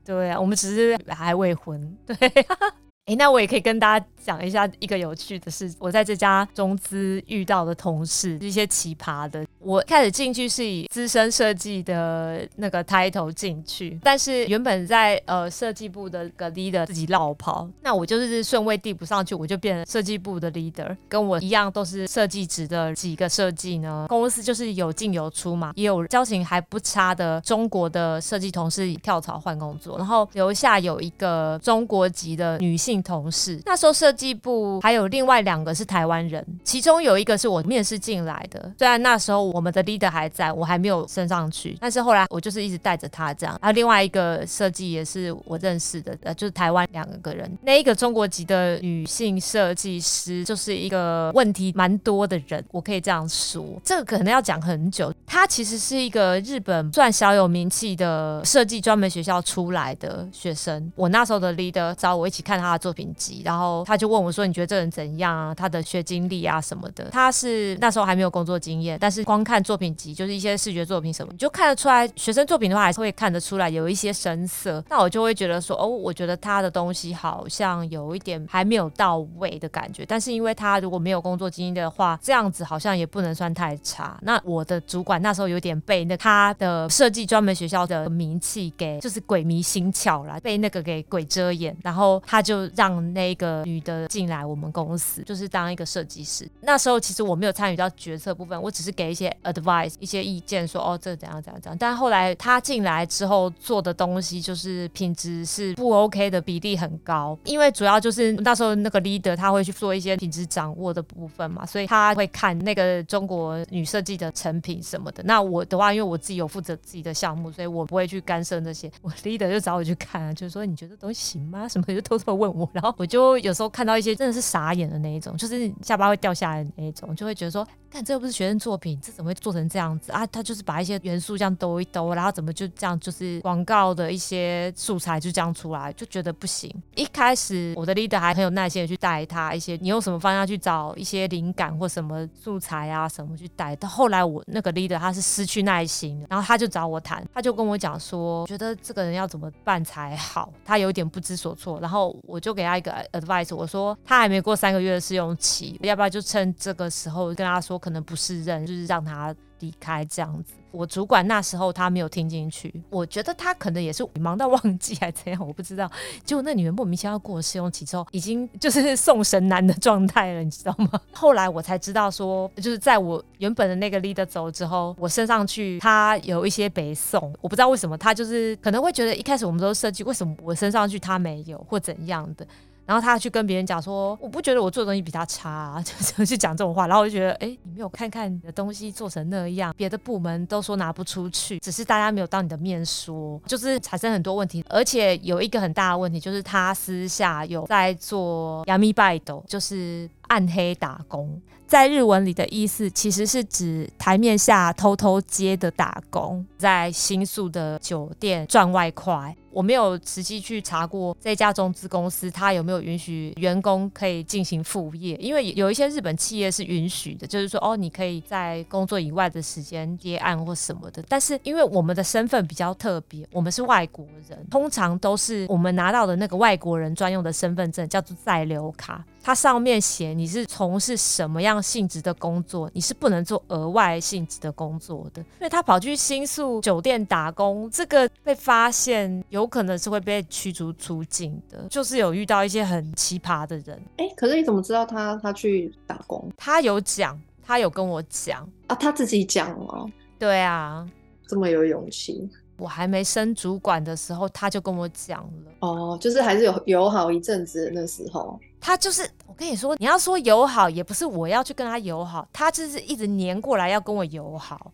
對啊，我們只是還未婚，對、啊。哎，那我也可以跟大家講一下一個有趣的事，我在這家中資遇到的同事一些奇葩的。我開始進去是以資深設計的那個 title 進去，但是原本在呃設計部的個 leader 自己落跑，那我就是順位遞補上去，我就變成設計部的 leader。跟我一樣都是設計職的幾個設計呢，公司就是有進有出嘛，也有交情還不差的中國的設計同事跳槽換工作，然後留下有一個中國籍的女性。同事那時候設計部還有另外兩個是台灣人，其中有一個是我面試進來的。雖然那時候我們的 leader 還在，我還沒有升上去，但是後來我就是一直帶着他這樣。還、啊、有另外一個設計也是我認識的，就是台灣兩個人。那一個中國籍的女性設計師就是一個問題蠻多的人，我可以這樣說。這個可能要講很久。她其實是一個日本算小有名氣的設計專門學校出來的學生。我那時候的 leader 找我一起看她的作品集，然後他就問我說：“你覺得這人怎樣啊？他的學經歷啊什麼的，他是那時候還沒有工作經驗，但是光看作品集，就是一些視覺作品什麼，你就看得出來，學生作品的話還是會看得出來有一些生澀。那我就會覺得說，哦，我覺得他的東西好像有一點還沒有到位的感覺。但是因為他如果沒有工作經驗的話，這樣子好像也不能算太差。那我的主管那時候有點被那他的設計專門學校的名氣給就是鬼迷心竅了，被那個給鬼遮眼，然後他就。讓那個女的進來我們公司，就是當一個設計師。那時候其實我沒有參與到決策部分，我只是給一些 advice、一些意見說，說哦這個怎樣怎樣怎樣。但後來她進來之後做的東西，就是品質是不 OK 的比例很高，因為主要就是那時候那個 leader 他會去做一些品質掌握的部分嘛，所以他會看那個中國女設計的成品什麼的。那我的話，因為我自己有負責自己的項目，所以我不會去干涉那些。我 leader 就找我去看啊，就是說你覺得這東西行嗎？什麼就偷偷問我。然後我就有時候看到一些真的是傻眼的那一種，就是下巴會掉下來的那一種，就會覺得說，但這又不是學生作品，這怎麼會做成這樣子啊？他就是把一些元素這樣兜一兜，然後怎麼就這樣就是廣告的一些素材就這樣出來，就覺得不行。一開始我的 leader 還很有耐心的去帶他一些，你用什麼方向去找一些靈感或什麼素材啊什麼去帶。到後來我那個 leader 他是失去耐心的，然後他就找我談，他就跟我講說，覺得這個人要怎麼辦才好？他有點不知所措。然後我就。就給他一個 advice，我說他還沒過三個月的試用期，要不要就趁這個時候跟他說，可能不適任，就是讓他離開這樣子，我主管那時候他沒有聽進去，我覺得他可能也是忙到忘記還怎樣，我不知道。結果那女人莫名其妙過試用期之後已經就是送神難的狀態了，你知道嗎？後來我才知道說，就是在我原本的那個 leader 走之後，我升上去他有一些北送，我不知道為什麼，他就是可能會覺得一開始我們都設計，為什麼我升上去他沒有或怎樣的。然後他去跟別人講說，我不覺得我做的東西比他差、啊，就去講這種話。然後我就覺得，哎，你沒有看看你的東西做成那樣，別的部門都說拿不出去，只是大家沒有當你的面說，就是產生很多問題。而且有一個很大的問題，就是他私下有在做 yami b d o 就是暗黑打工，在日文裡的意思其實是指台面下偷偷接的打工，在新宿的酒店賺外快。我沒有實際去查過這家中資公司，它有沒有允許員工可以進行副業。因為有一些日本企業是允許的，就是說哦，你可以在工作以外的時間接案或什麼的。但是因為我們的身份比較特別，我們是外國人，通常都是我們拿到的那個外國人專用的身份證，叫做在留卡。他上面寫你是從事什麼樣性質的工作，你是不能做額外性質的工作的。因為他跑去新宿酒店打工，這個被發現有可能是會被驅逐出境的。就是有遇到一些很奇葩的人。
欸，可是你怎麼知道他他去打工？他
有講，他有跟我講啊，他自己講哦。對啊，這麼有勇氣。我還沒升主管的時候，他就跟我講了。
哦，就是還是有友好一陣子的，那時候，
他就是我跟你說，你要說友好也不是我要去跟他友好，他就是一直黏過來要跟我友好。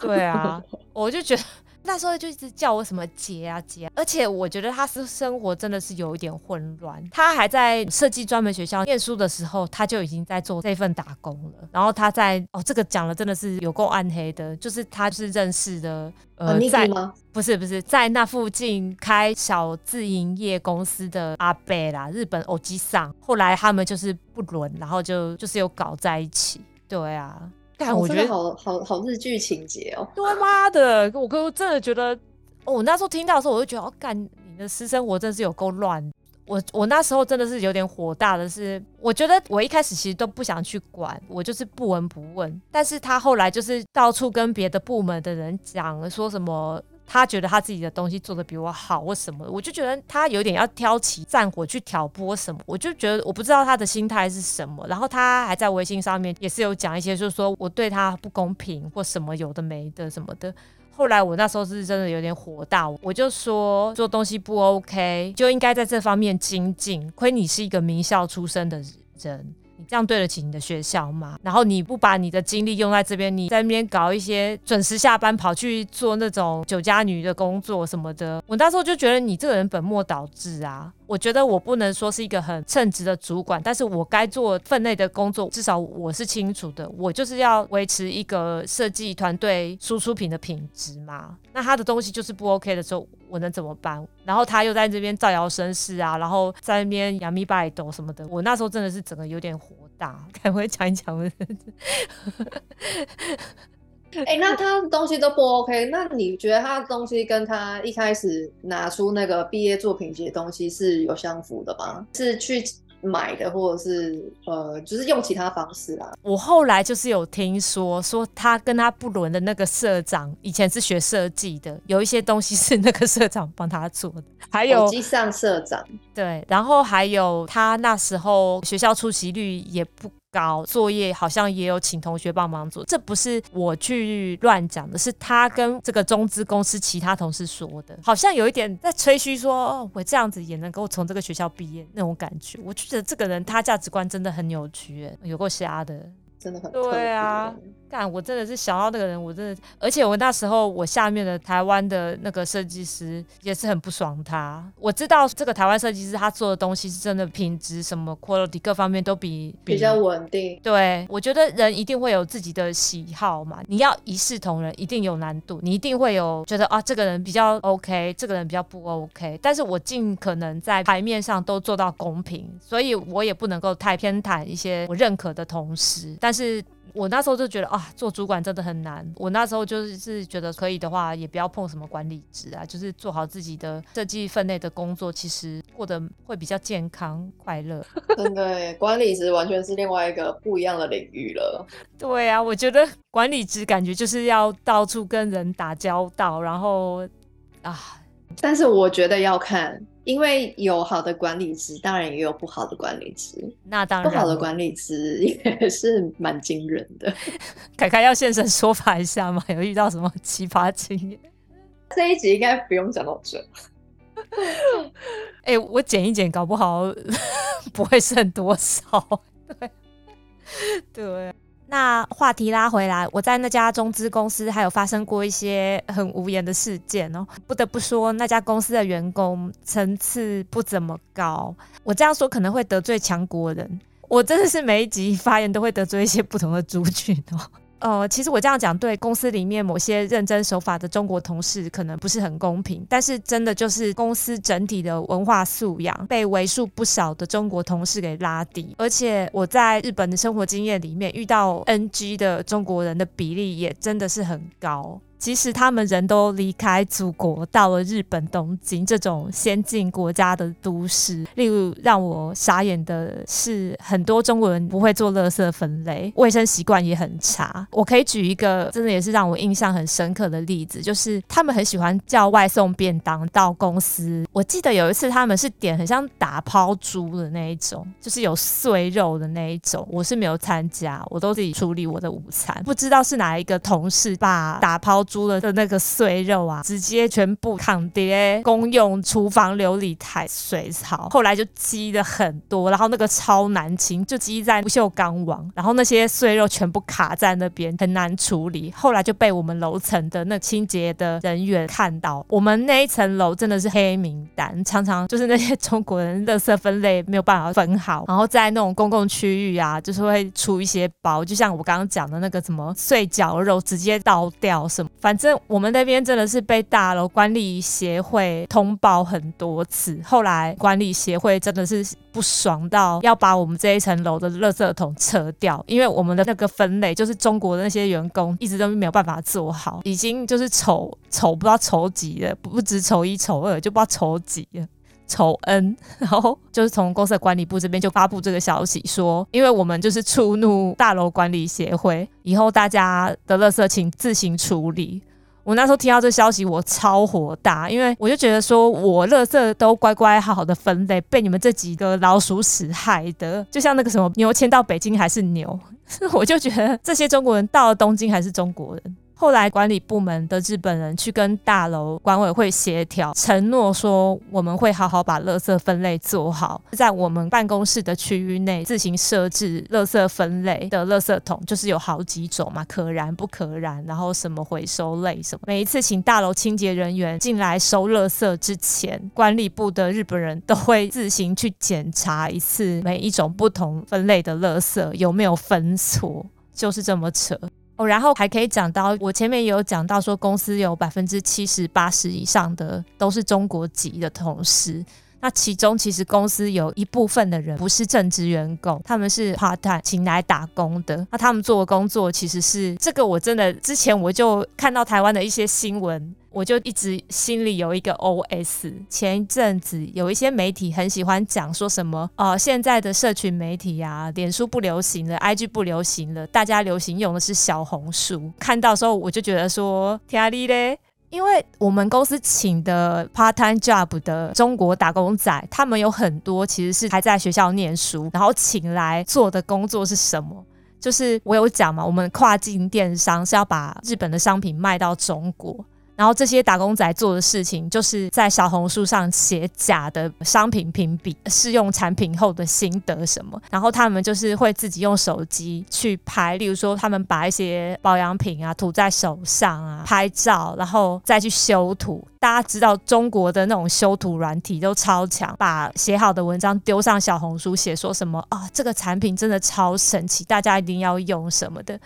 對啊，
我就覺得。那時候就一直叫我什麼杰啊杰啊。而且我覺得他是生活真的是有一點混亂。他還在設計專門學校念書的時候，他就已經在做這份打工了。然後他在哦，這個講的真的是有夠暗黑的，就是他是認識的呃，在不是不是在那附近開小自營業公司的阿北啦，日本歐吉桑。後來他們就是不倫，然後就就是有搞在一起。對啊。我覺得、哦、好好好日劇情節哦！對，媽的，我哥真的覺得，我那時候聽到的時候，我就覺得，哦，幹你的私生活真是有夠亂！我我那時候真的是有點火大的是，是我覺得我一開始其實都不想去管，我就是不聞不問，但是他後來就是到處跟別的部門的人講，說什麼。他覺得他自己的東西做得比我好或什麼，我就覺得他有點要挑起戰火去挑撥什麼，我就覺得我不知道他的心態是什麼。然後他還在微信上面也是有講一些，就是說我對他不公平或什麼有的沒的什麼的。後來我那時候是真的有點火大，我就說做東西不 OK，就應該在這方面精進。虧你是一個名校出身的人。這樣對得起你的學校嗎？然後你不把你的精力用在這邊，你在那邊搞一些準時下班跑去做那種酒家女的工作什麼的，我那時候就覺得你這個人本末倒置啊。我覺得我不能說是一個很稱職的主管，但是我該做分內的工作，至少我是清楚的。我就是要維持一個設計團隊輸出品的品質嘛。那他的東西就是不 OK 的時候，我能怎麼辦？然後他又在這邊造謠生事啊，然後在那邊楊冪拜斗什麼的。我那時候真的是整個有點火大，趕快講一講。呵呵
哎、欸，那他東西都不 OK，那你覺得他的東西跟他一開始拿出那個畢業作品集的東西是有相符的嗎？是去買的，或者是呃，就是用其他方式啦。
我後來就是有聽說，說他跟他不倫的那個社長以前是學設計的，有一些東西是那個社長幫他做的，還有上社長對，然後還有他那時候學校出席率也不。搞作業好像也有請同學幫忙做，這不是我去亂講的，是他跟這個中資公司其他同事說的，好像有一點在吹噓說，說、哦、我這樣子也能夠從這個學校畢業那種感覺，我就覺得這個人他價值觀真的很扭曲，欸，有夠瞎的，真的很。對啊。但我真的是想到那個人，我真的，而且我那時候我下面的台灣的那個設計師也是很不爽他。我知道這個台灣設計師他做的東西是真的品質什麼 quality 各方面都比比，比較穩定。對，我覺得人一定會有自己的喜好嘛，你要一視同仁一定有難度，你一定會有覺得啊這個人比較 OK，這個人比較不 OK。但是我盡可能在台面上都做到公平，所以我也不能夠太偏袒一些我認可的同事，但是。我那時候就覺得啊，做主管真的很難。我那時候就是覺得可以的話，也不要碰什麼管理職啊，就是做好自己的設計分內的工作，其實過得會比較健康快樂。對，對，
對，管理職完全是另外一個不一樣的領域了。
對啊，我覺得管理職感覺就是要到處跟人打交道，然後啊，但是我覺得要看。因為有好的
管理職，當然也有不好的管理職。那
當然，不好的管理
職也是蠻驚人
的。凱 開要現身說法一下嗎？有遇到什麼奇葩經驗？這一集應該不用講到這。哎、 欸，我剪一剪，搞不好 不會剩多少。 對， 對。 對那話題拉回來，我在那家中資公司還有發生過一些很無言的事件哦，不得不說那家公司的員工層次不怎麼高，我這樣說可能會得罪強國人，我真的是每一集發言都會得罪一些不同的族群哦。呃，其實我這樣講，對公司裡面某些認真守法的中國同事，可能不是很公平，但是真的就是公司整體的文化素養被為數不少的中國同事給拉低，而且我在日本的生活經驗裡面，遇到 NG 的中國人的比例也真的是很高。即使他們人都離開祖國，到了日本東京這種先進國家的都市，例如讓我傻眼的是，很多中國人不會做垃圾分類，衛生習慣也很差。我可以舉一個真的也是讓我印象很深刻的例子，就是他們很喜歡叫外送便當到公司。我記得有一次他們是點很像打拋豬的那一種，就是有碎肉的那一種，我是沒有參加，我都自己處理我的午餐。不知道是哪一個同事把打拋豬豬了的那個碎肉啊，直接全部躺跌公用廚房流理台水槽，後來就積了很多，然後那個超難清，就積在不鏽鋼網，然後那些碎肉全部卡在那邊，很難處理。後來就被我們樓層的那清潔的人員看到，我們那一層樓真的是黑名單，常常就是那些中國人垃圾分類沒有辦法分好，然後在那種公共區域啊，就是會出一些包，就像我剛剛講的那個什麼碎絞肉，直接倒掉什麼。反正我們那邊真的是被大樓管理協會通報很多次，後來管理協會真的是不爽到要把我們這一層樓的垃圾桶撤掉，因為我們的那個分類就是中國的那些員工一直都沒有辦法做好，已經就是丑醜不知道醜幾了，不只醜一醜二，就不知道醜幾了。仇恩，然後就是從公司的管理部這邊就發布這個消息，說因為我們就是觸怒大樓管理協會，以後大家的垃圾請自行處理。我那時候聽到這消息，我超火大，因為我就覺得說我垃圾都乖乖好好的分類，被你們這幾個老鼠屎害的。就像那個什麼牛牽到北京還是牛，我就覺得這些中國人到了東京還是中國人。後來，管理部門的日本人去跟大樓管委會協調，承諾說我們會好好把垃圾分類做好，在我們辦公室的區域內自行設置垃圾分類的垃圾桶，就是有好幾種嘛，可燃、不可燃，然後什麼回收類什麼。每一次請大樓清潔人員進來收垃圾之前，管理部的日本人都會自行去檢查一次每一種不同分類的垃圾有沒有分錯，就是這麼扯。然後還可以講到，我前面也有講到說，公司有百分之七十八十以上的都是中國籍的同事。那其中其實公司有一部分的人不是正職員工，他們是 part time 請來打工的。那他們做的工作其實是這個，我真的之前我就看到台灣的一些新聞。我就一直心裡有一個 OS。前一陣子有一些媒體很喜歡講說什麼哦、呃，現在的社群媒體呀、啊，臉書不流行了，IG 不流行了，大家流行用的是小紅書。看到的時候我就覺得說天啊嘞，因為我們公司請的 part time job 的中國打工仔，他們有很多其實是還在學校念書，然後請來做的工作是什麼？就是我有講嘛，我們跨境電商是要把日本的商品賣到中國。然後這些打工仔做的事情，就是在小紅書上寫假的商品評比、試用產品後的心得什麼。然後他們就是會自己用手機去拍，例如說他們把一些保養品啊塗在手上啊拍照，然後再去修圖。大家知道中國的那種修圖軟體都超強，把寫好的文章丟上小紅書，寫說什麼啊，哦，這個產品真的超神奇，大家一定要用什麼的。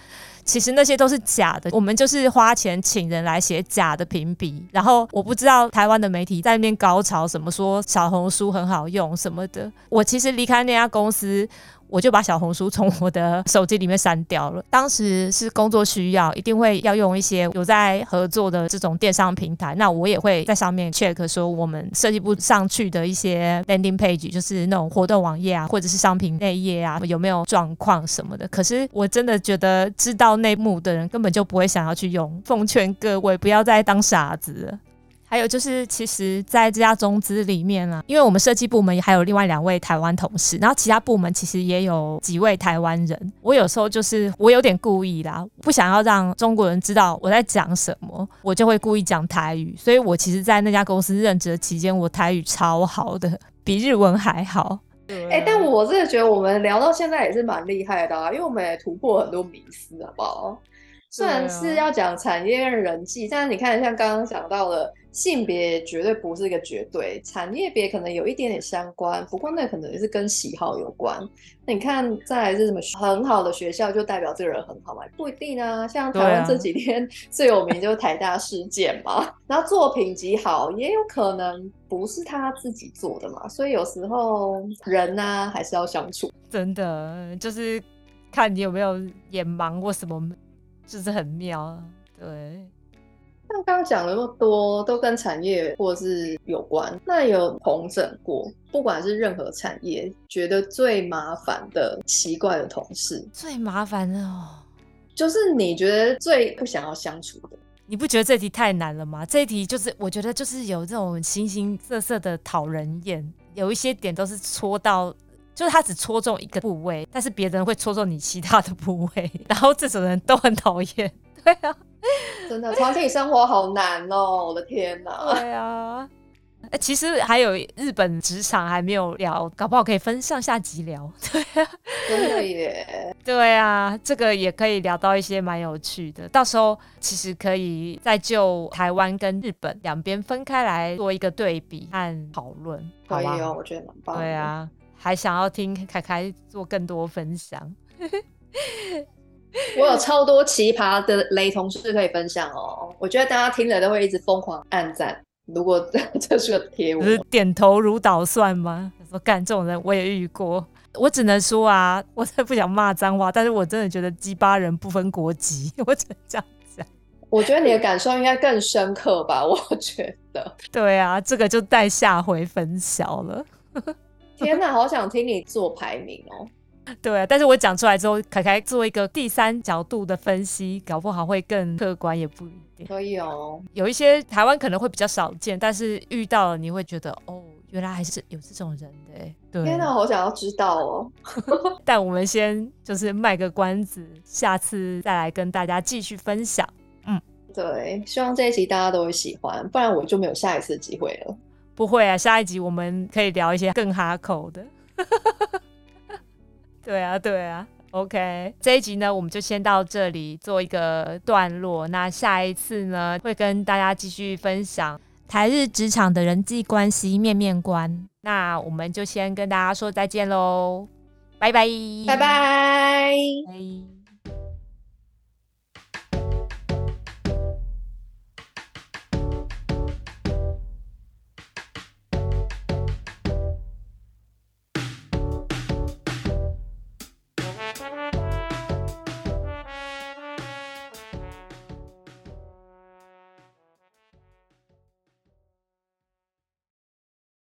其實那些都是假的，我們就是花錢請人來寫假的評比。然後我不知道台灣的媒體在那邊高潮什麼，說小紅書很好用什麼的。我其實離開那家公司。我就把小紅書從我的手機裡面刪掉了。當時是工作需要，一定會要用一些有在合作的這種電商平台。那我也會在上面 check 說我們設計部上去的一些 landing page，就是那種活動網頁啊，或者是商品內頁啊，有沒有狀況什麼的。可是我真的覺得知道內幕的人根本就不會想要去用。奉勸各位不要再當傻子。還有就是，其實，在這家中資裡面啊，因為我們設計部門還有另外兩位台灣同事，然後其他部門其實也有幾位台灣人。我有時候就是我有點故意啦，不想要讓中國人知道我在講什麼，我就會故意講台語。所以我其實，在那家公司任職的期間，我台語超好的，比日文還好。
哎、欸，但我真的覺得我們聊到現在也是蠻厲害的啊，因為我們也突破很多迷思，好不好？
雖然是要
講產業鏈人際、啊，但是你看像剛剛，像剛剛講到的性別絕對不是一個絕對，產業別可能有一點點相關，不過那可能也是跟喜好有關。那你看，在是什麼很好的學校，就代表這個人很好嘛？不一定啊。像台灣這幾天最有名就是台大事件嘛。啊、 然後作品集好，也有可能不是他自己做的嘛。所以有時候
人呢、啊，還是要相處。真的就是看你有沒有眼盲或什麼。就是很妙啊？對，像剛剛講了那麼
多都跟產業或是有關。那有統整過，不管是任何產業，覺得最麻煩的、奇怪的同事，
最麻煩的哦，就是你覺得最不想
要相處的。
你不覺得這題太難了嗎？這一題就是，我覺得就是有這種形形色色的討人厭，有一些點都是戳到。就是他只戳中一個部位，但是別人會戳中你其他的部位，然後這種人都很討厭。對啊，
真的，團體生活好難哦！我的天哪，
對啊。其實還有日本職場還沒有聊，搞不好可以分上下集聊。對啊，對耶。對啊，這個也可以聊到一些蠻有趣的。到時候其實可以再就台灣跟日本兩邊分開來做一個對比和討論，好吧？對哦，我
覺得蠻棒，對
啊。還想要聽凱開做更多分享，
我有超多奇葩的雷同事可以分享哦。我
覺得大家聽了都會一直瘋狂按讚。如果這 是個貼，我是點頭如搗蒜嗎？說幹這種人我也遇過，我只能說啊，我真不想罵髒話。但是我真的覺得雞巴人不分國籍，我只能這樣講。
我覺得你的感受應該更深刻吧？我覺得，
對啊，這個就待下回分曉了。
天吶好想聽你做排名哦！
對啊，但是我講出來之後，凱開做一個第三角度的分析，搞不好會更客觀，也不一定。可以哦， 有一些台灣可能會比較少見，但是遇到了你會覺得哦，原來還是有這種人的。對，天吶好想要知道哦！ 但我們先就是賣個關子，下次再來跟大家繼續分享。嗯，對，希望這一集大家都會
喜歡，不然我就沒有下一次機會了。
不會啊，下一集我們可以聊一些更哈口的。 對啊，對啊，OK，這一集呢，我們就先到這裡做一個段落。那下一次呢，會跟大家繼續分享台日職場的人際關係面面觀。那我們就先跟大家說再見嘍，拜拜，拜拜。Bye.